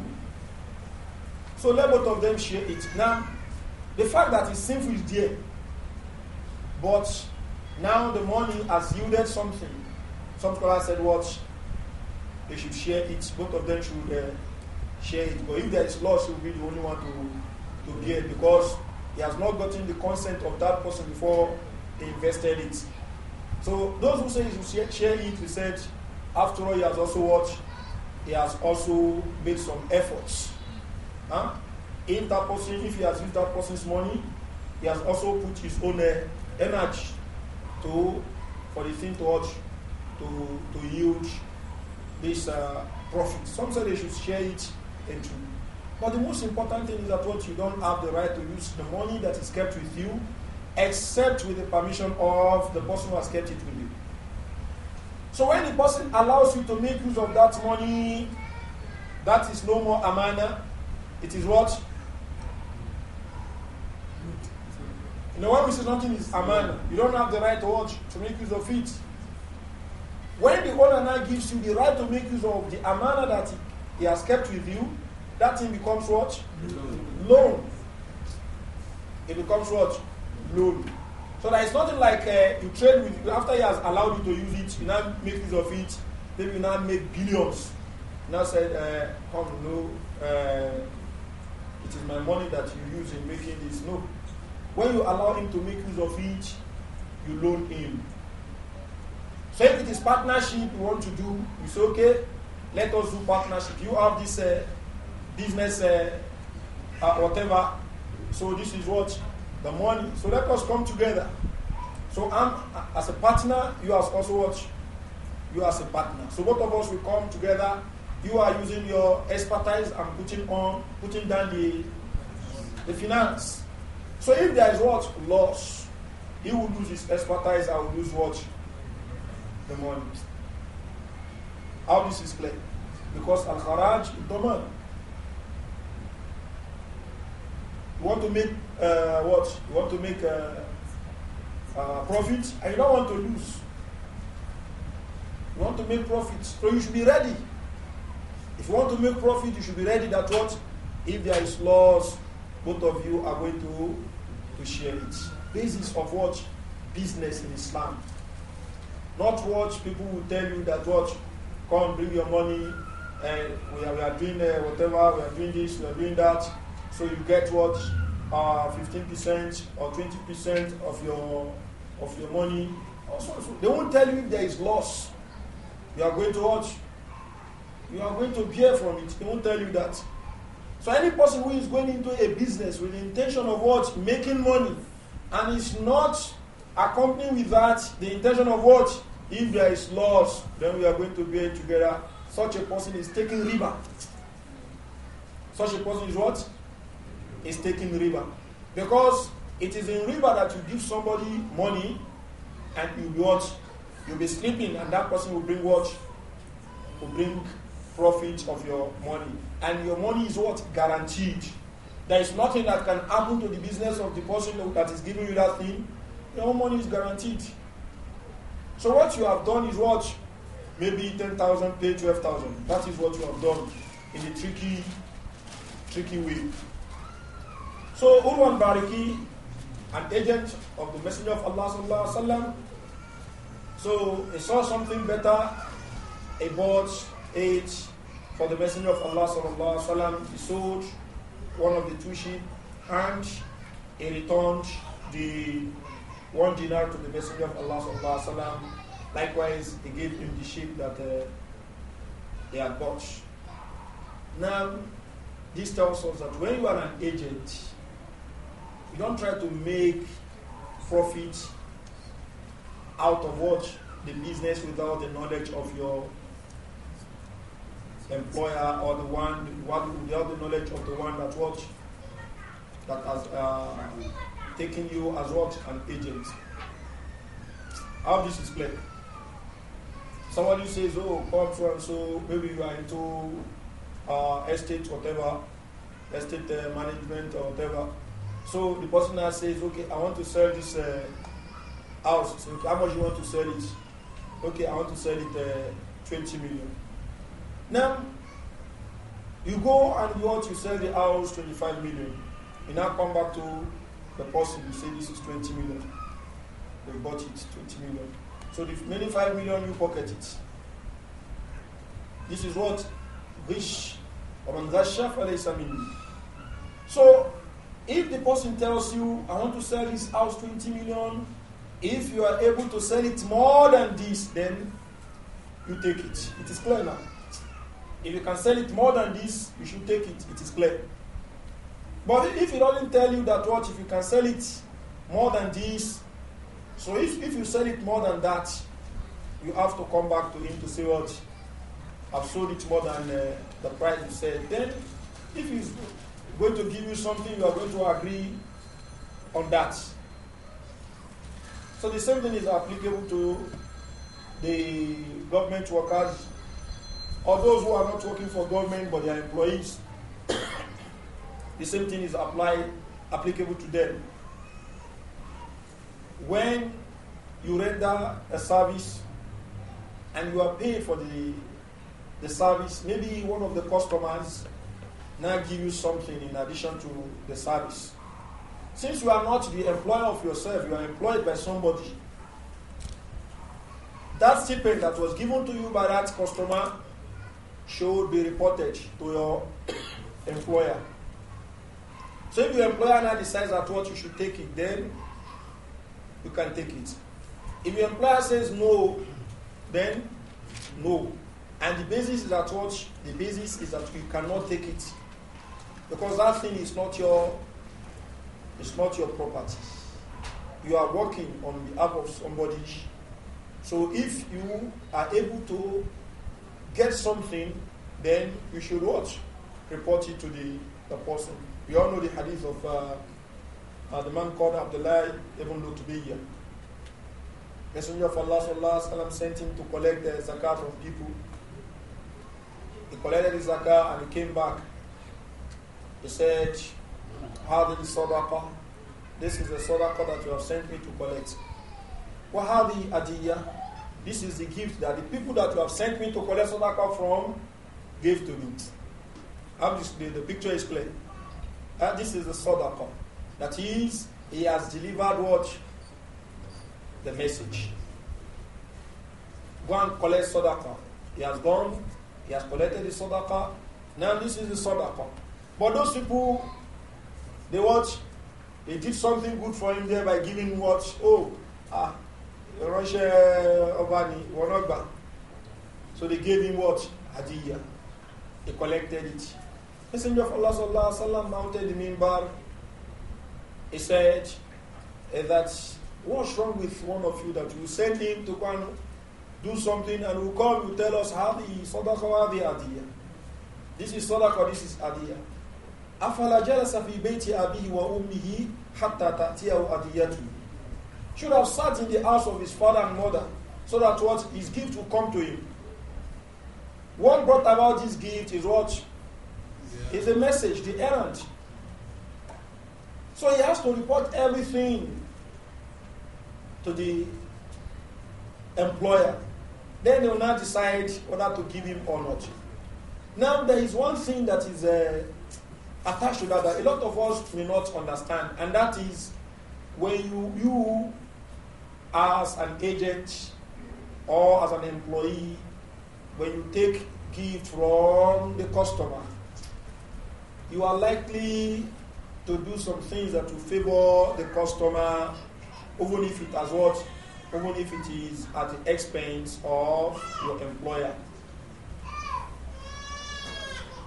So let both of them share it. Now, the fact that it's sinful is dear, but now the money has yielded something. Some scholars said, "What? They should share it. Both of them should uh, share it. But if there is loss, he will be the only one to to bear because he has not gotten the consent of that person before he invested it. So those who say he should share it, we said." After all, he has also what? He has also made some efforts. Huh? If that person, if he has used that person's money, he has also put his own uh, energy to for the thing to watch, to to yield this uh, profit. Some say they should share it into. But the most important thing is that what you don't have the right to use the money that is kept with you, except with the permission of the person who has kept it with you. So when the person allows you to make use of that money, that is no more amana. It is what? In the one we say nothing is amana. You don't have the right to watch, to make use of it. When the owner now gives you the right to make use of the amana that he, he has kept with you, that thing becomes what? Loan. It becomes what? Loan. So that it's nothing like uh, you trade with, after he has allowed you to use it, you now make use of it, maybe you now make billions. You now said, uh, come, no, uh, it is my money that you use in making this. No. When you allow him to make use of it, you loan him. So if it is partnership you want to do, you say, okay, let us do partnership. You have this uh, business, uh, uh, whatever. So this is what the money. So let us come together. So I'm as a partner, you as also watch. You as a partner. So both of us will come together. You are using your expertise and putting on, putting down the the finance. So if there is what loss, he will lose his expertise. I will lose what the money. How this is played? Because al kharaj domain. You want to make uh, what? You want to make a, a profit and you don't want to lose. You want to make profit, so you should be ready. If you want to make profit, you should be ready that what? If there is loss, both of you are going to, to share it. Basis of what? Business in Islam. Not what people will tell you that what? Come bring your money and we are, we are doing uh, whatever, we are doing this, we are doing that. So you get what? 15% uh, or 20% of your of your money. Also, uh, they won't tell you if there is loss. You are going to watch. You are going to bear from it. They won't tell you that. So any person who is going into a business with the intention of what? Making money. And is not accompanied with that the intention of what? If there is loss, then we are going to bear together. Such a person is taking riba. Such a person is what? is taking river Because it is in river that you give somebody money and you watch, you'll be sleeping, and that person will bring what? Will bring profit of your money. And your money is what? Guaranteed. There is nothing that can happen to the business of the person that is giving you that thing. Your money is guaranteed. So what you have done is what? Maybe 10,000, pay 12,000. That is what you have done in a tricky, tricky way. So Urwan Bariki, an agent of the Messenger of Allah sallallahu alaihi wasallam, so he saw something better. He bought eight for the Messenger of Allah sallallahu alaihi wasallam. He sold one of the two sheep and he returned the one dinar to the Messenger of Allah sallallahu alaihi wasallam. Likewise, he gave him the sheep that uh, he had bought. Now, this tells us that when you are an agent, you don't try to make profit out of what the business without the knowledge of your employer or the one without the knowledge of the one that what that has uh, taken you as what an agent. How this is played. Somebody says, "Oh, come so and so, maybe you are into uh, estate, whatever, estate uh, management or whatever." So the person now says, okay, I want to sell this uh, house. So, okay, how much you want to sell it? Okay, I want to sell it uh, 20 million. Now, you go and you want to sell the house 25 million. You now come back to the person, you say this is 20 million. They bought it, 20 million. So the many 5 million, you pocket it. This is what rich. So if the person tells you, I want to sell this house 20 million, if you are able to sell it more than this, then you take it. It is clear now. If you can sell it more than this, you should take it. It is clear. But if he doesn't tell you that what, if you can sell it more than this, so if, if you sell it more than that, you have to come back to him to say what, I've sold it more than uh, the price you said. Then, if he's going to give you something, you are going to agree on that. So the same thing is applicable to the government workers or those who are not working for government but they are employees. the same thing is applied applicable to them. When you render a service and you are paid for the the service, maybe one of the customers now give you something in addition to the service. Since you are not the employer of yourself, you are employed by somebody. That stipend that was given to you by that customer should be reported to your employer. So if your employer now decides that what you should take it, then you can take it. If your employer says no, then no. And the basis is that what the basis is that you cannot take it. Because that thing is not your it's not your property. You are working on behalf of somebody. So if you are able to get something, then you should watch, report it to the, the person. We all know the hadith of uh, uh, the man called Abdullah ibn here Messenger of Allah sallallahu alaihi sent him to collect the zakat from people. He collected the zakat and he came back. He said, "How did هذه الصدقة This is the sadaqah that you have sent me to collect. What the أدية This is the gift that the people that you have sent me to collect sadaqah from gave to me. Obviously, the picture is clear. And uh, this is the sadaqah. That is, he has delivered what? The message. Go and collect sadaqah. He has gone, he has collected the sadaqah. Now this is the sadaqah. But those people, they watch, they did something good for him there by giving what? Oh, ah, Roshe Obani, Wanogba. So they gave him what? Hadiyah. He collected it. Messenger of Allah sallallahu alaihi wasallam mounted the minbar. He said eh, that what's wrong with one of you that you send him to go and do something and will come you tell us how the sadaqah the adiyah. This is sadaqah, this is adiyah. أَفَلَا جَلَسَ فِي بَيْتِ أَبِيهِ وَأُمِّهِ حَتَّى تَأْتِيَهُ أَدِيَّتُهُ Should have sat in the house of his father and mother so that what his gift will come to him. What brought about this gift is what? Yeah. Is the message, the errand. So he has to report everything to the employer. Then they will now decide whether to give him or not. Now, there is one thing that is uh, attached to that that a lot of us may not understand, and that is when you, you as an agent or as an employee, when you take gift from the customer, you are likely to do some things that will favor the customer, even if it has what, even if it is at the expense of your employer.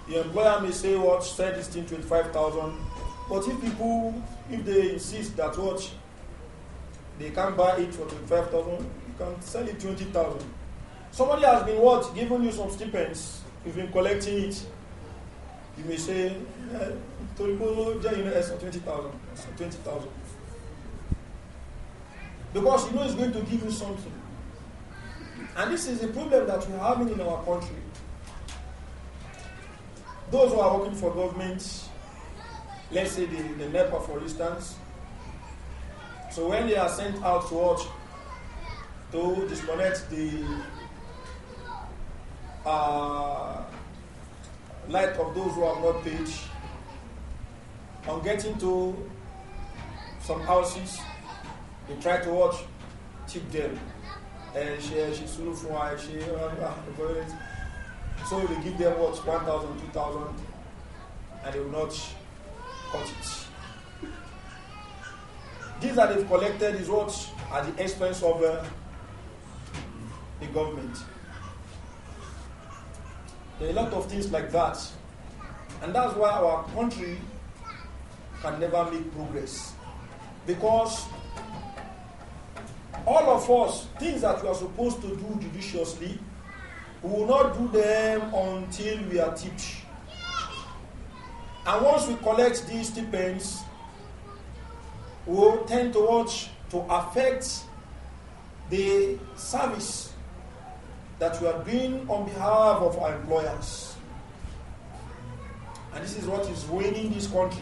The employer may say, what, sell this thing 25,000. But if people, if they insist that what, they can buy it for 25,000, you can sell it 20,000. Somebody has been what, giving you some stipends, you've been collecting it. You may say, you eh, 20,000, 20,000. Because you know it's going to give you something. And this is a problem that we're having in our country. Those who are working for government, let's say the, the NEPA for instance, so when they are sent out to watch, to disconnect the uh, light of those who have not paid, on getting to some houses, they try to watch, tip them. And eh, she, she, she, she, she, she, she, she, so they give them what, 1,000, 2,000, and they will not cut it. These that they've collected is what at the expense of uh, the government. There are a lot of things like that. And that's why our country can never make progress. Because all of us, things that we are supposed to do judiciously, we will not do them until we are tipped. And once we collect these stipends, we will tend to watch to affect the service that we are doing on behalf of our employers. And this is what is ruining this country.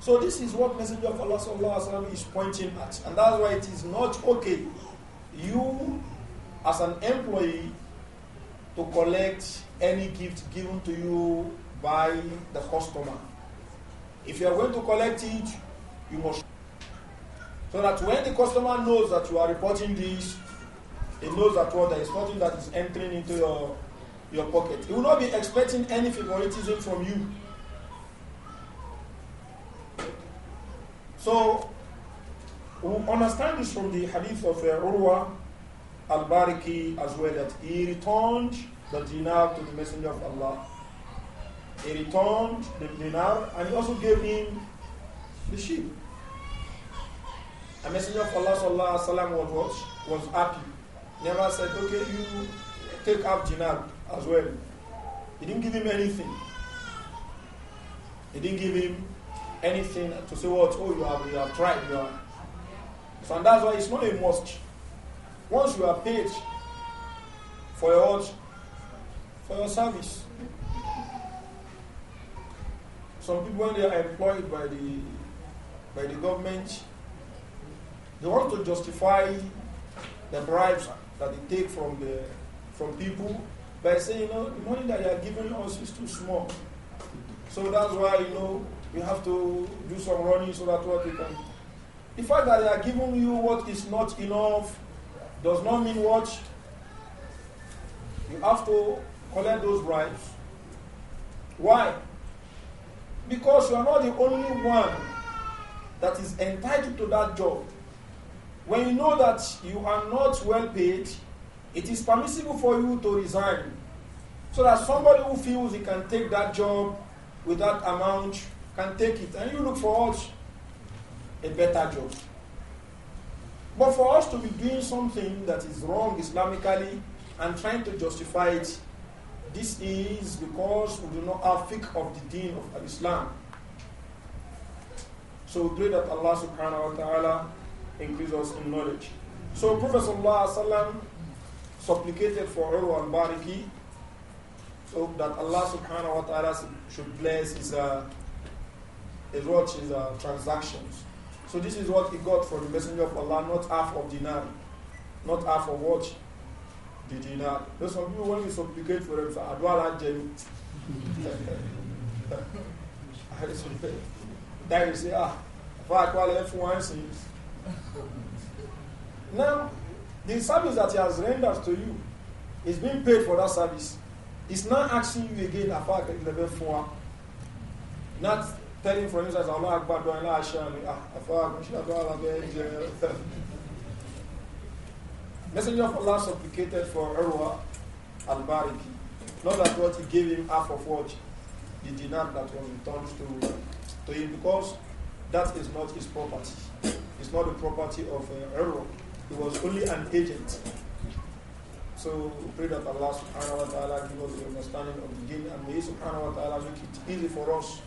So this is what Messenger of Allah is pointing at. And that's why it is not okay. You as an employee to collect any gift given to you by the customer. If you are going to collect it, you must. So that when the customer knows that you are reporting this, he knows that what there is nothing that is entering into your, your pocket. He will not be expecting any favoritism from you. So, we understand this from the hadith of uh, Urwa al-Bariki as well that he returned the dinar to the messenger of Allah. He returned the dinar and he also gave him the sheep. A messenger of Allah sallallahu alaihi wasallam was, was happy. Never said, okay, you take up dinar as well. He didn't give him anything. He didn't give him anything to say what, oh, you have, you have tried. You have. So and that's why it's not a must. Once you are paid for your for your service. Some people when they are employed by the by the government, they want to justify the bribes that they take from the from people by saying, you know, the money that they are giving us is too small. So that's why, you know, we have to do some running so that what we can. The fact that they are giving you what is not enough does not mean what? You have to collect those bribes. Why? Because you are not the only one that is entitled to that job. When you know that you are not well paid, it is permissible for you to resign so that somebody who feels he can take that job with that amount can take it and you look for A better job. But for us to be doing something that is wrong Islamically and trying to justify it, this is because we do not have fiqh of the deen of Islam. So we pray that Allah subhanahu wa ta'ala increase us in knowledge. So Prophet sallallahu alaihi wasallam supplicated for Urwa and Bariki so that Allah subhanahu wa ta'ala should bless his, uh, his, his uh, transactions. So this is what he got from the messenger of Allah, not half of dinar, not half of what? The dinar. Those some you, when you supplicate for them, say, Adwala I Then you say, ah, if I call F1 Now, the service that he has rendered to you is being paid for that service. He's not asking you again, Afak 11 4. Not telling, for instance, Allah Akbar, do Allah Ashami, Ah, Afar, Mishra, do Allah Messenger of Allah supplicated for Erwa al Bariki. Not that what he gave him half of what the dinar that was returned to, to him, because that is not his property. It's not the property of uh, He was only an agent. So we pray that Allah subhanahu wa ta'ala give us the understanding of the deen and may subhanahu wa ta'ala make it easy for us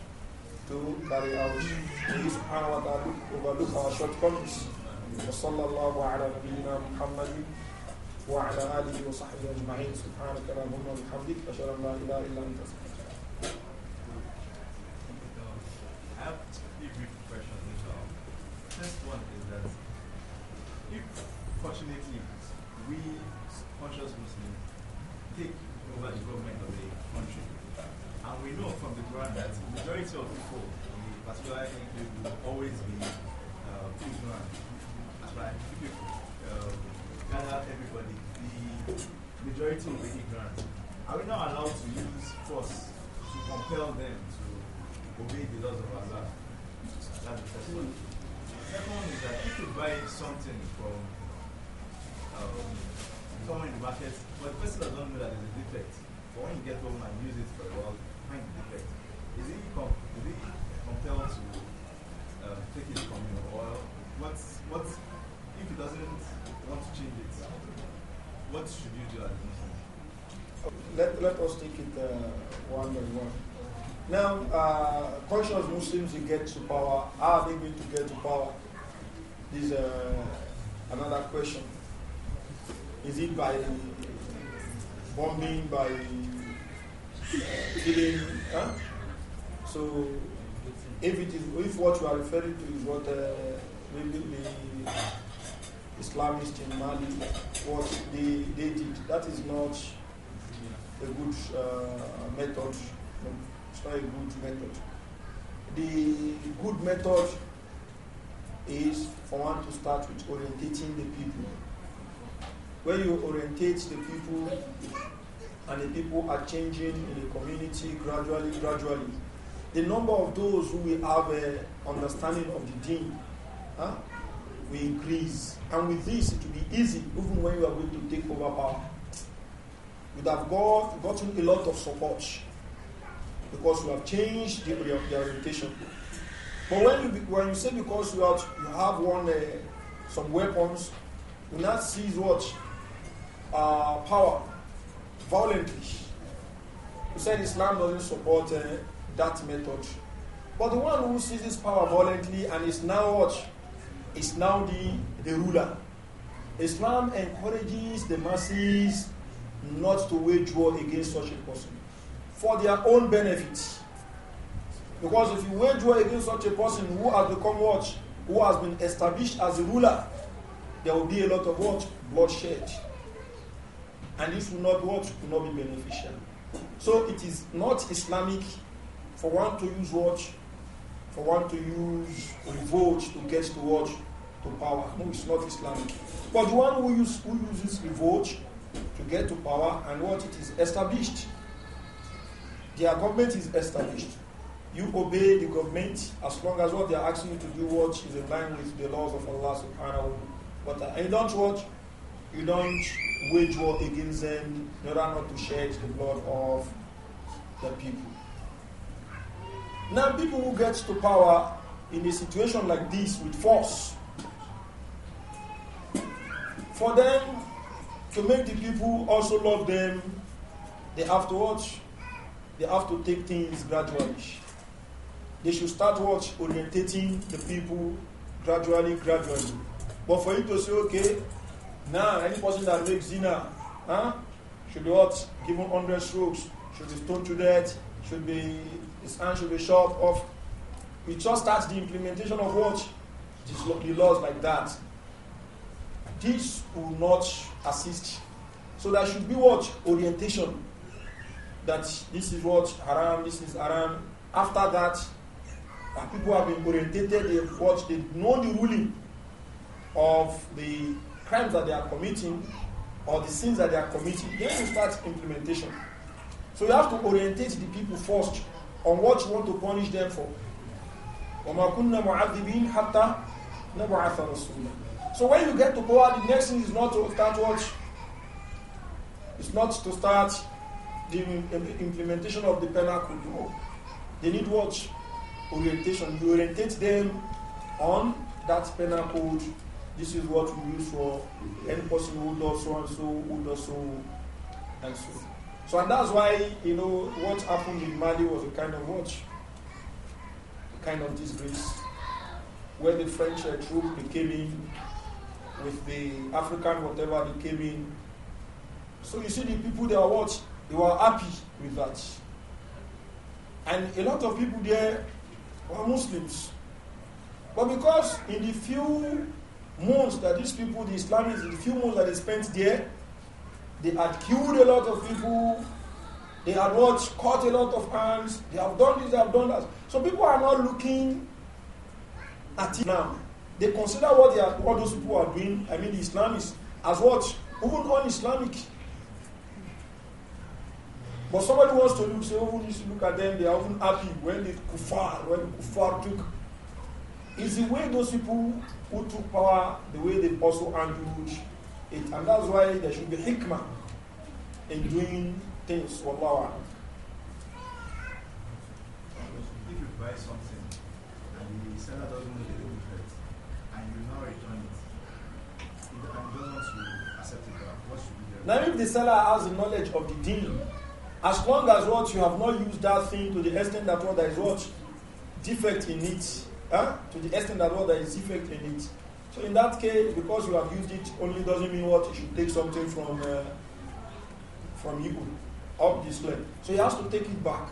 to carry out. May He subhanahu wa ta'ala overlook وصلى الله على نبينا محمد وعلى اله وصحبه اجمعين سبحانك اللهم وبحمدك اشهد ان لا اله الا انت tell them conscious Muslims who get to power, how are they going to get to power? This is uh, another question. Is it by bombing, by killing? Huh? So, if it is, if what you are referring to is what uh, maybe the Islamists in Mali, what they, they did, that is not a good uh, method. it's not a good method the good method is for one to start with orientating the people. When you orientate the people and the people are changing in the community gradually, gradually, the number of those who will have an understanding of the deen huh, will increase. And with this, it will be easy, even when you are going to take over power. you have got, gotten a lot of support because you have changed the, the, the orientation. But when you, when you say because you have, you have won uh, some weapons, you now seize what? Uh, power violently. You said Islam doesn't support uh, that method. But the one who seizes power violently and is now what? Is now the, the ruler. Islam encourages the masses not to wage war against such a person for their own benefit. Because if you wage war against such a person who has become watch, Who has been established as a ruler, there will be a lot of what? Bloodshed. And this will not what? Will not be beneficial. So it is not Islamic for one to use what? For one to use revolt to get to what? To power. No, it's not Islamic. But the one who, use, who uses revolt to get to power and what it is established their government is established. You obey the government as long as what they are asking you to do what is in line with the laws of Allah subhanahu wa ta'ala. You don't watch. You don't wage war against them you order not to shed the blood of the people. Now people who get to power in a situation like this with force, for them to make the people also love them, they have to watch they have to take things gradually. They should start what? Orientating the people gradually, gradually. But for you to say, okay, now nah, any person that makes dinner, huh, should be what? Given 100 strokes, should be stoned to death, should be, his hand should be shot off. It just starts the implementation of what? The laws like that. This will not assist. So there should be what? Orientation that this is what haram, this is haram. After that, uh, people have been orientated, they've watched, they know the ruling of the crimes that they are committing or the sins that they are committing. Then you start implementation. So you have to orientate the people first on what you want to punish them for. So when you get to go out, the next thing is not to start watch. It's not to start the implementation of the penal code. They need what? Orientation. You orientate them on that penal code. This is what we use for any person who does so and so, who does so and so. So and that's why, you know, what happened in Mali was a kind of what? A kind of disgrace. Where the French uh, troop became in with the African whatever they came in. So you see the people they are what? They were happy with that. And a lot of people there were Muslims. But because in the few months that these people, the Islamists, in the few months that they spent there, they had killed a lot of people, they had what, caught a lot of hands, they have done this, they have done that. So people are not looking at it now. They consider what, they are, what those people are doing, I mean the Islamists, as what? Even non islamic but somebody wants to look, say, oh, we used to look at them, they are even happy when the kufar, when the took. It's the way those people who took power, the way they also handled it. And that's why there should be hikmah in doing things. Wallahu If you buy something and the seller doesn't know the difference and you now return it, and doesn't want to accept it, what should be the Now, if the seller has the knowledge of the deal, as long as what you have not used that thing to the extent that what there is what defect in it, huh? to the extent that what there is defect in it. So in that case, because you have used it, only doesn't mean what you should take something from uh, from you up this way. So he has to take it back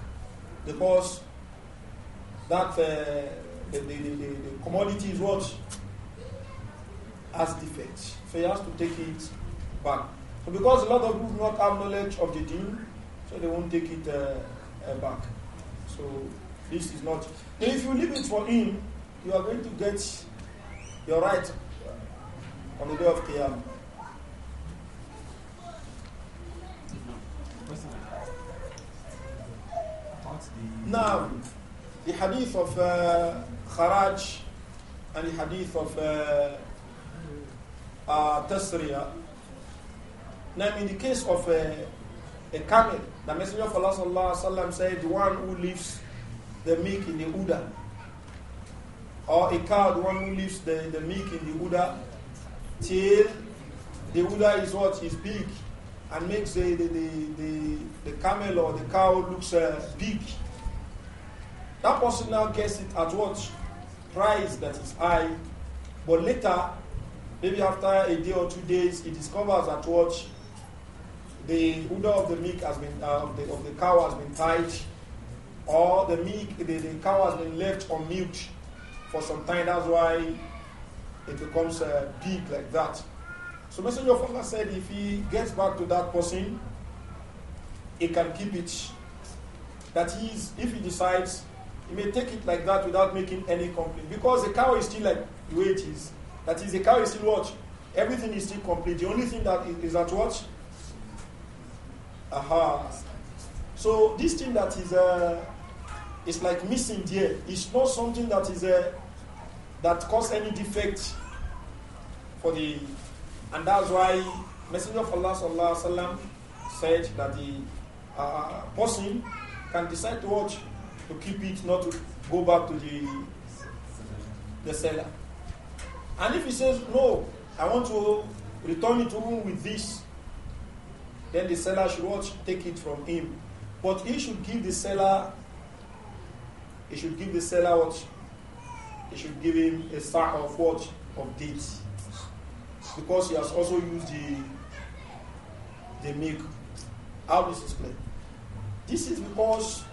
because that uh, the, the, the, the commodity is what has defect. So he has to take it back. So because a lot of people do not have knowledge of the deal so they won't take it uh, uh, back. So this is not. If you leave it for him, you are going to get your right uh, on the day of Qiyam. Now, the hadith of uh, Kharaj and the hadith of uh, uh, Tasriya. Now, in the case of uh, a camel, the Messenger of Allah sallam, said, One who leaves the milk in the Uda, or a cow, the one who leaves the, the milk in the Uda, till the Uda is what is big and makes the, the, the, the, camel or the cow looks uh, big. That person now gets it at what price that is high, but later, maybe after a day or two days, he discovers that what the udder of the milk has been uh, of, the, of the cow has been tied, or the milk the, the cow has been left on mute for some time. That's why it becomes uh, big like that. So Messenger of Allah said, if he gets back to that person, he can keep it. That is, if he decides, he may take it like that without making any complaint because the cow is still like the way it is. That is, the cow is still what everything is still complete. The only thing that is, is that what Aha. So this thing that is uh, it's like missing there. It's not something that is uh, that cause any defect for the, and that's why Messenger of Allah sallallahu alaihi wasallam said that the uh, person can decide to watch to keep it, not to go back to the the seller. And if he says no, I want to return it home with this, then the seller should what? Take it from him. But he should give the seller, he should give the seller what? He should give him a sack of what? Of dates. Because he has also used the the milk. How this is played. This is because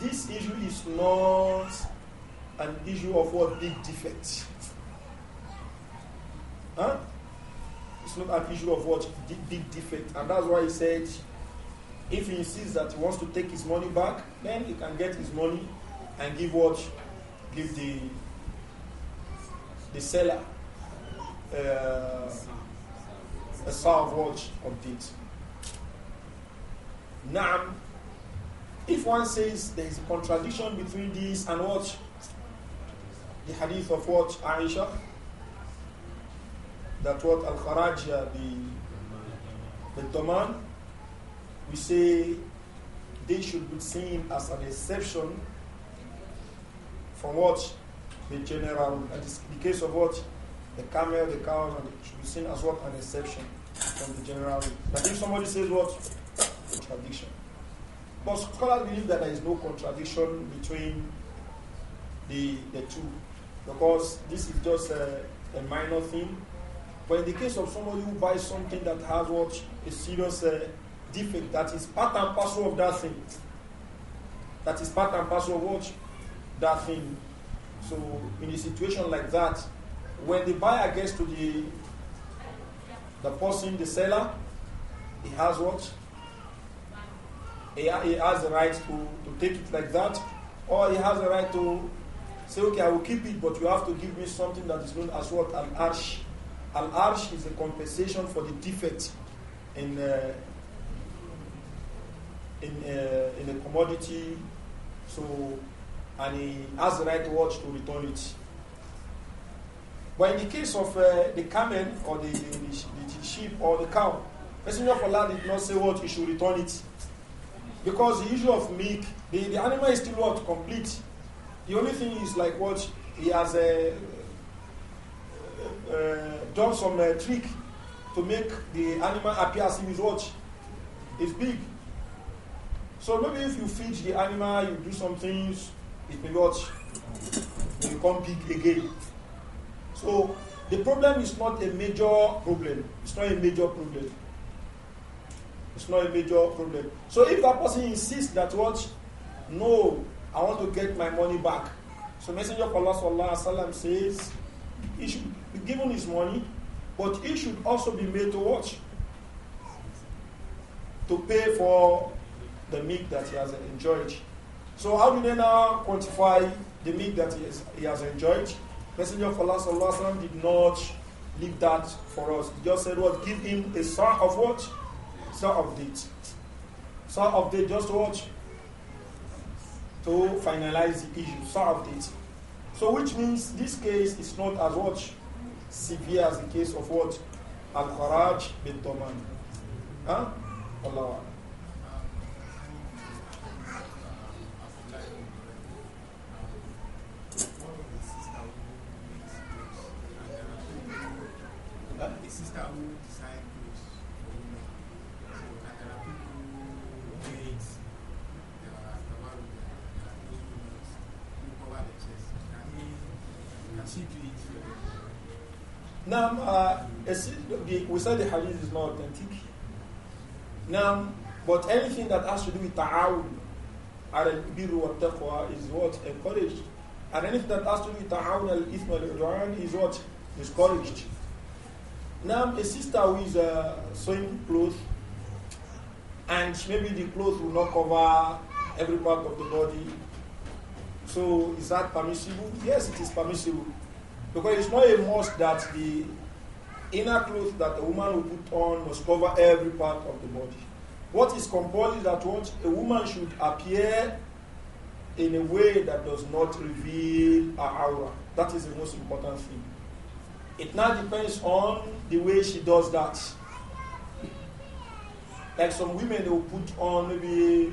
this issue is not an issue of what big defect. Huh? it's not an issue of what big defect. And that's why he said if he insists that he wants to take his money back, then he can get his money and give what give the the seller uh, a salvage of it. Now, if one says there is a contradiction between this and what the hadith of what Aisha that what al kharajia the the domain we say they should be seen as an exception from what the general and in the case of what the camel, the cow should be seen as what an exception from the general. That if somebody says what contradiction, but scholars believe that there is no contradiction between the the two because this is just a, a minor thing but in the case of somebody who buys something that has what a serious uh, defect, that is part and parcel of that thing. That is part and parcel of what that thing. So in a situation like that, when the buyer gets to the the person, the seller, he has what? He, he has the right to, to take it like that, or he has the right to say, okay, I will keep it, but you have to give me something that is known as what an arch Al Arsh is a compensation for the defect in, uh, in, uh, in the commodity. So, and he has the right watch to return it. But in the case of uh, the camel or the, the, the, sheep or the cow, Messenger of Allah did not say what he should return it. Because the issue of milk, the, the animal is still what? Complete. The only thing is like what he has a uh, uh, done some uh, trick to make the animal appear as if it's what? It's big. So maybe if you feed the animal, you do some things, it may what? It become big again. So the problem is not a major problem. It's not a major problem. It's not a major problem. So if that person insists that what, no, I want to get my money back. So Messenger of Allah says, he should given his money, but he should also be made to watch, to pay for the meat that he has enjoyed. So how do they now quantify the meat that he has, he has enjoyed? Messenger of Allah sallallahu alaihi wasallam did not leave that for us. He just said, "What? Give him a saw of what? Saw of date. Saw of date. Just what? To finalize the issue. Saw of date. So, which means this case is not as what severe as the case of what? Al-Kharaj bin Toman. Huh? Allah. Now, uh, we said the hadith is not authentic. Now, but anything that has to do with ta'awun, al-biru wa taqwa is what? Encouraged. And anything that has to do with ta'awun al-ithm al-udwan is what? Discouraged. Now, a sister who is uh, sewing clothes, and maybe the clothes will not cover every part of the body. So, is that permissible? Yes, it is permissible. Because it's not a must that the inner clothes that a woman will put on must cover every part of the body. What is compulsory that what a woman should appear in a way that does not reveal her aura. That is the most important thing. It now depends on the way she does that. Like some women, they will put on maybe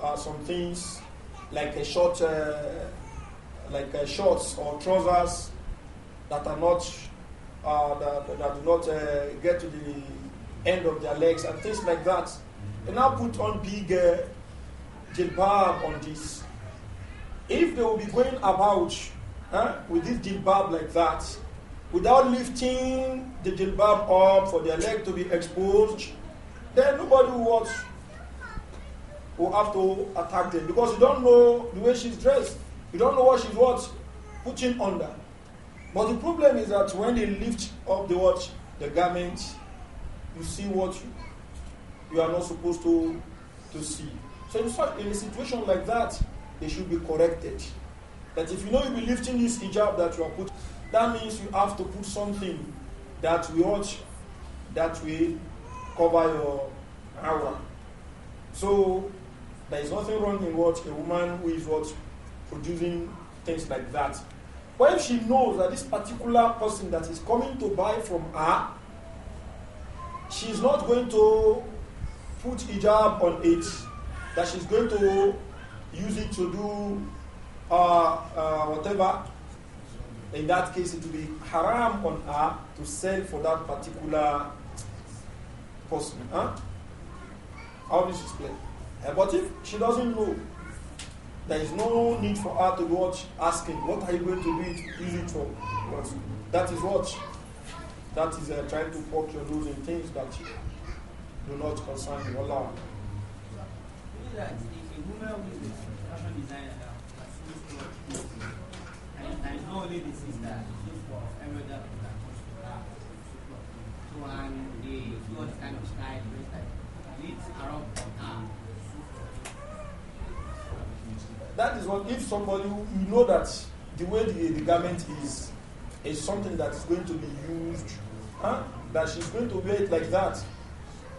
uh, some things like a short, uh, like a uh, shorts or trousers that are not uh, that, that, do not uh, get to the end of their legs and things like that. They now put on big uh, jilbab on this. If they will be going about huh, with this jilbab like that, without lifting the jilbab up for their leg to be exposed, then nobody will will have to attack them because you don't know the way she's dressed. You don't know what she's what putting under. But the problem is that when they lift up the watch, the garment, you see what you, you are not supposed to, to see. So in such in a situation like that, they should be corrected. That if you know you'll be lifting this hijab that you are put, that means you have to put something that we watch, that will cover your hour. So there is nothing wrong in what a woman who is what producing things like that. But if she knows that this particular person that is coming to buy from her, she's not going to put hijab on it, that she's going to use it to do uh, uh, whatever, in that case it will be haram on her to sell for that particular person. Huh? How this is played. Uh, but if she doesn't know, there is no need for her to watch asking, what are you going to do to use it for? Because that is what? That is uh, trying to poke your nose in things that do not concern you. Allah. around that is what if somebody who, you know that the way the, the garment is is something that is going to be used, huh? that she's going to wear it like that.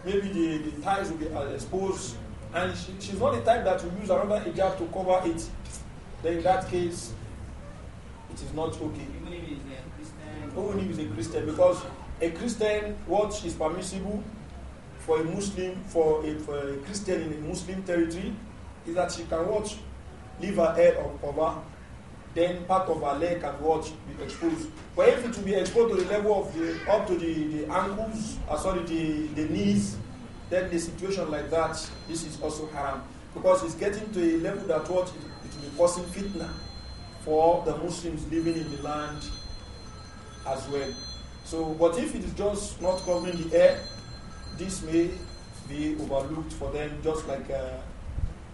Maybe the, the ties will be uh, exposed, and she, she's not the type that will use another hijab to cover it. Then in that case, it is not okay. Only if a Christian, even if it's a Christian, because a Christian what is permissible for a Muslim for a, for a Christian in a Muslim territory is that she can watch leave her head up then part of her leg can what be exposed. But if it will be exposed to the level of the up to the, the ankles, uh, sorry, the, the knees, then the situation like that, this is also haram. Because it's getting to a level that what it, it will be causing fitna for the Muslims living in the land as well. So, but if it is just not covering the air, this may be overlooked for them, just like uh,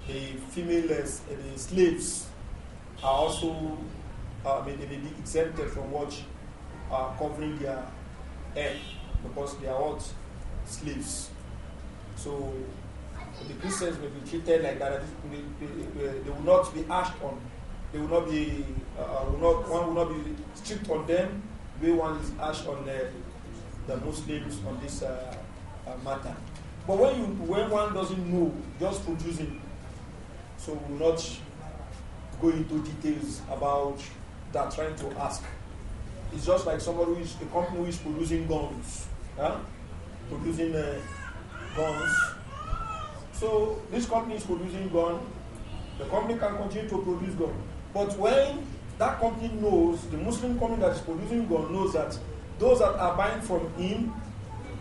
the and the slaves are also uh, may, they may be exempted from what uh, covering their head because they are what slaves. So the Christians will be treated like that. They, they, they will not be asked on. They will not be. Uh, uh, will not, one will not be strict on them. The way one is asked on the, uh, the Muslims on this uh, uh, matter. But when you when one doesn't know, just producing so we will not go into details about that trying to ask. It's just like somebody who is a company who is producing guns, yeah, producing uh, guns. So this company is producing gun. The company can continue to produce gun, but when that company knows the Muslim company that is producing gun knows that those that are buying from him,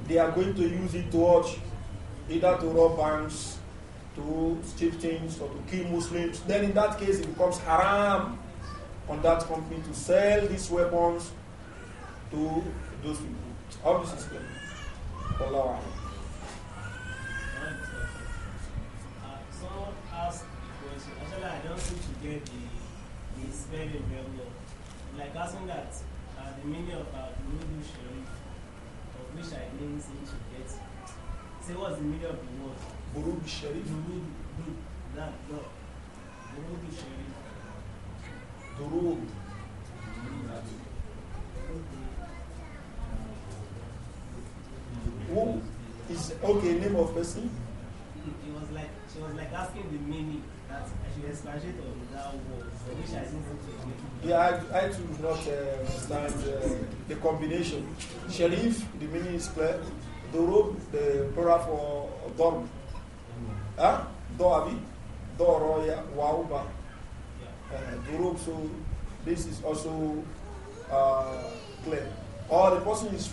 they are going to use it to watch either to rob banks to steal things or to kill Muslims, then in that case it becomes haram on that company to sell these weapons to those people. How this is clear. Allah. Someone asked the question, actually I don't seem to get the, the spelling very well. Like asking that uh, the meaning of uh, Nudu Sharif, of which I didn't seem to get. Say what's the meaning of the word? Burudi Sharif. No, no, no, not no. Burudi Sharif. Durud. Who is okay? Name of person. He was like she was like asking the meaning that she should expatiate on that word, for which I didn't to Yeah, I, I do not uh, understand uh, the combination. Sharif, the meaning is clear. Durub, the plural for dorm. Huh? Doabi, Doroya, Wauba, Durub. Uh, so this is also uh, clear. Or the person is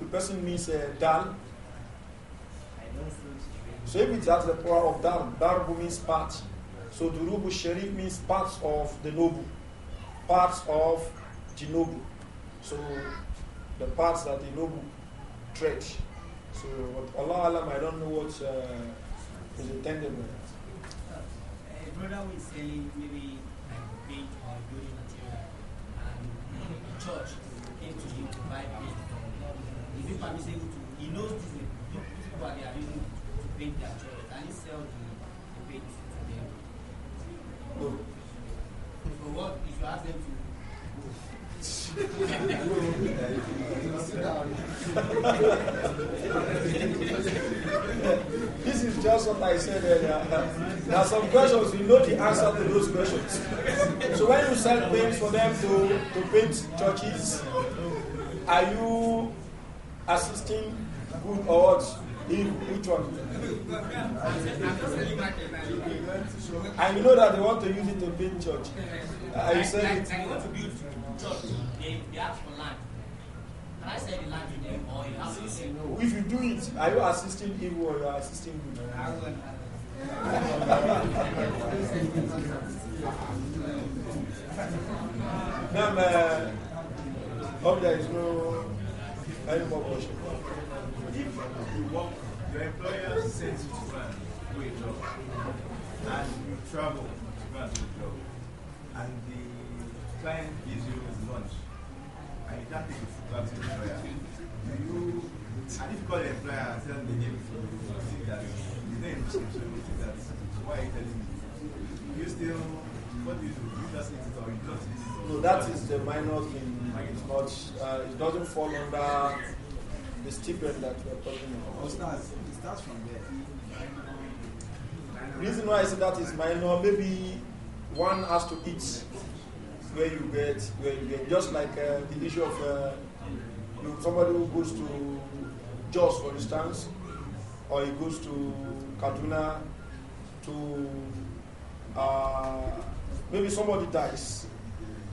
the person means uh, dal. So if it's at the power of dal, darbu means part. So durubu sharif means parts of the noble, parts of the noble. So the parts that the noble tread. So Allah Alam, I don't know what. Uh, is it tangible? Uh, a brother is selling maybe paint or building material, and the church came to him to buy paint. Is it permissible to? He knows this people are they are using to paint their church, and he sells the, the paint to them. No. So what if you ask them to this is just what I said earlier. There are some questions, you know the answer to those questions. So when you sell things for them to, to paint churches, are you assisting good or what? Which one? I know that they want to use it to build church. Uh, I said it. I want to build church. They, they have land. Can I sell the land to them or you have to If you do it, are you assisting evil or are you assisting good? No man. Uh, hope there is no any more question if you work, your employer sends you to France to do a job, and you travel to France to do a job, and the client gives you lunch, and you can't take the back to the employer, do you, and if you call the employer and tell them the name, you see that the name is so you think that, so why are you telling me? You still, what do you do? You just eat it or you just eat it? No, that is the minor thing. It's not, uh, it doesn't fall under the stipend that we're talking about. Oh, it starts, it starts from there. Reason why I say that is minor, maybe one has to eat where you get, where you get. Just like uh, the issue of uh, you somebody who goes to Jos, for instance, or he goes to Kaduna to uh, maybe somebody dies.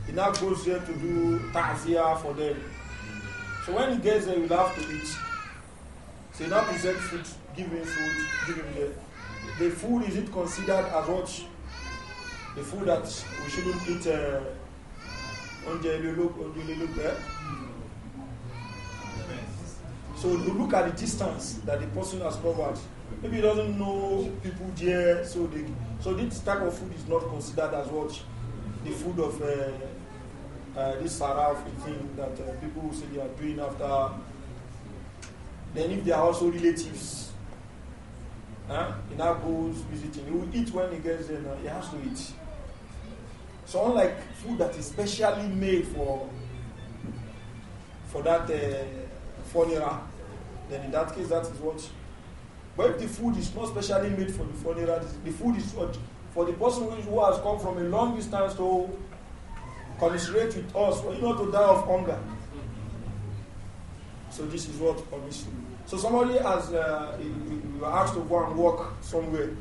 He now goes there to do tazia for them so when he gets there, he will have to eat. So now present food, give him food, give him the, the food. Is it considered as what? The food that we shouldn't eat uh, on the look, on the look, there. So you look at the distance that the person has covered. Maybe he doesn't know people there, so they, so this type of food is not considered as what the food of uh, uh, this Sarafi thing that uh, people say they are doing after, then if they are also relatives, huh? he now goes visiting. He will eat when he gets there, he has to eat. So unlike food that is specially made for for that uh, funeral, then in that case that is what. But if the food is not specially made for the funeral, the food is what for the person who has come from a long distance to commiserate with us for you not to die of hunger. So this is what obviously. So somebody has uh, you are asked to go and work somewhere.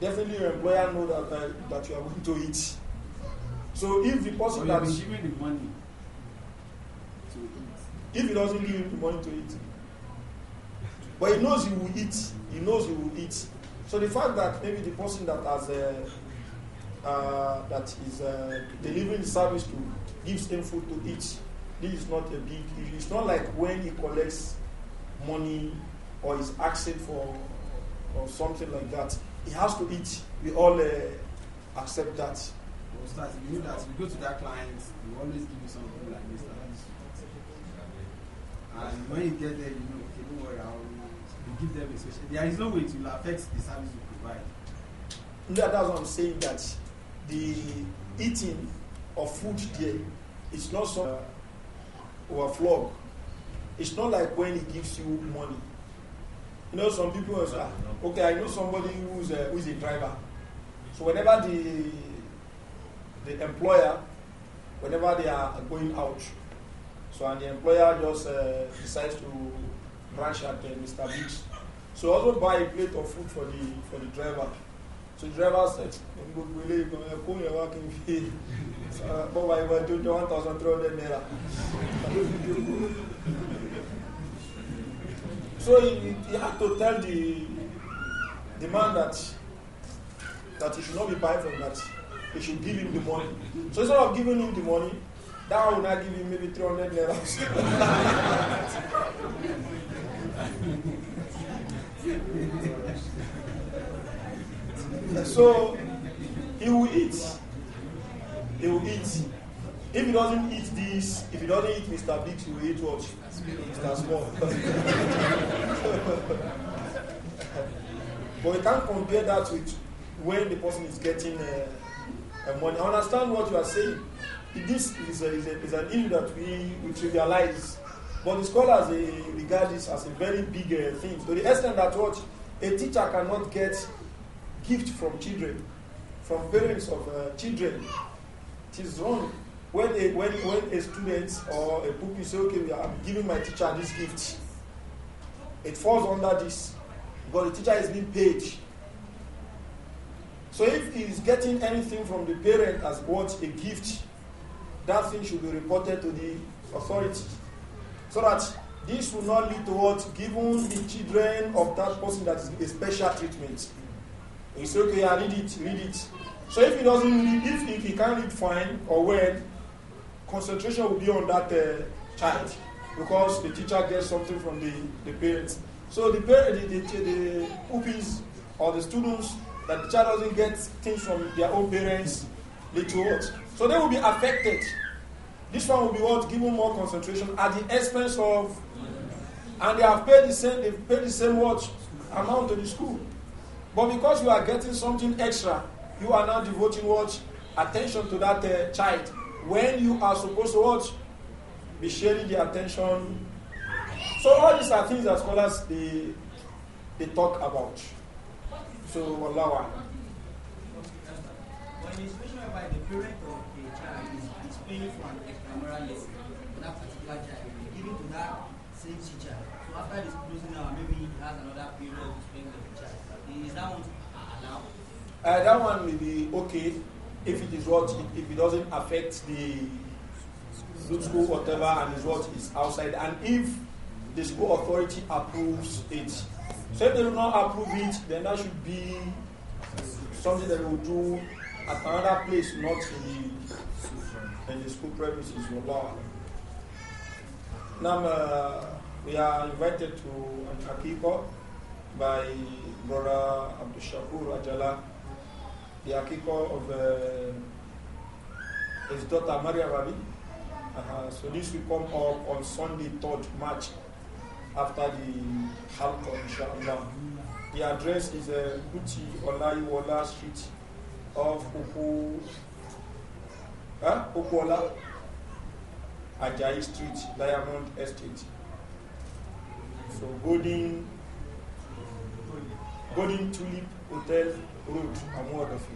Definitely your um, employer know that uh, that you are going to eat. So if the person that is giving the money if he doesn't give him the money to eat, but he knows he will eat, he knows he will eat. So the fact that maybe the person that has uh, uh, that is uh, delivering service to gives him food to eat. This is not a big It's not like when he collects money or is asking for or something like that. He has to eat. We all uh, accept that. Well, start, you know that you go to that client, you always give you something like this. And when you get there, you know, okay, don't worry, I'll give them a special. There is no way it will affect the service you provide. Yeah, that's what I'm saying. That the eating of food there is not some uh, It's not like when he gives you money. You know, some people are ah, okay, I know somebody who's a, who's a driver. So whenever the the employer, whenever they are going out, so and the employer just uh, decides to branch at uh, Mr. Biggs. So also buy a plate of food for the for the driver. So the driver said, gbogbo ilé ìgbọ̀n ẹ̀kún yẹn wá kí n fi bọ́wá ìwà tó jọ one thousand three hundred naira. So he, he had to tell the, the man that that he should not be buying from that. He should give him the money. So instead of giving him the money, that will not give him maybe 300 naira. So he will eat. He will eat. If he doesn't eat this, if he doesn't eat Mr. Big, he will eat what? Mr. Small. but we can't compare that with when the person is getting uh, money. I understand what you are saying. This is, a, is, a, is an issue that we, we trivialize. But the scholars they regard this as a very big uh, thing. To so the extent that what a teacher cannot get gift from children, from parents of uh, children. It is wrong. When a, when, when a student or a pupil says, okay, I'm giving my teacher this gift, it falls under this because the teacher is being paid. So if he is getting anything from the parent as what a gift, that thing should be reported to the authority. So that this will not lead towards giving the children of that person that is a special treatment. He said, okay, I read it, read it. So if he doesn't read, if, if he can't read fine or well, concentration will be on that uh, child because the teacher gets something from the, the parents. So the, parents, the, the, the pupils or the students that the child doesn't get things from their own parents, they to what? So they will be affected. This one will be what? Given more concentration at the expense of, and they have paid the same, they've paid the same what? Amount to the school. But because you are getting something extra, you are now devoting what? Attention to that uh, child. When you are supposed to what? Be sharing the attention. So all these are things that scholars they, they talk about. So Allah. When it's mentioned by the parent of the child is paying from an extramural lesson, that particular child, giving to that same teacher. So after this Uh, that one may be okay if it is what it, if it doesn't affect the school whatever and is what is outside and if the school authority approves it. So if they do not approve it, then that should be something that will do at another place, not in the, in the school premises. Now uh, we are invited to akiko by Brother Abdul Shakur Ajala the Akiko of uh, his daughter Maria Rabi. Uh, uh-huh. so this will come up on Sunday, 3rd March, after the halcon inshallah. The address is uh, Kuti Olaiwola Street of Oku, huh? Okuola Ajayi Street, Diamond Estate. So Golden, Golden Tulip Hotel Road, I'm one of you.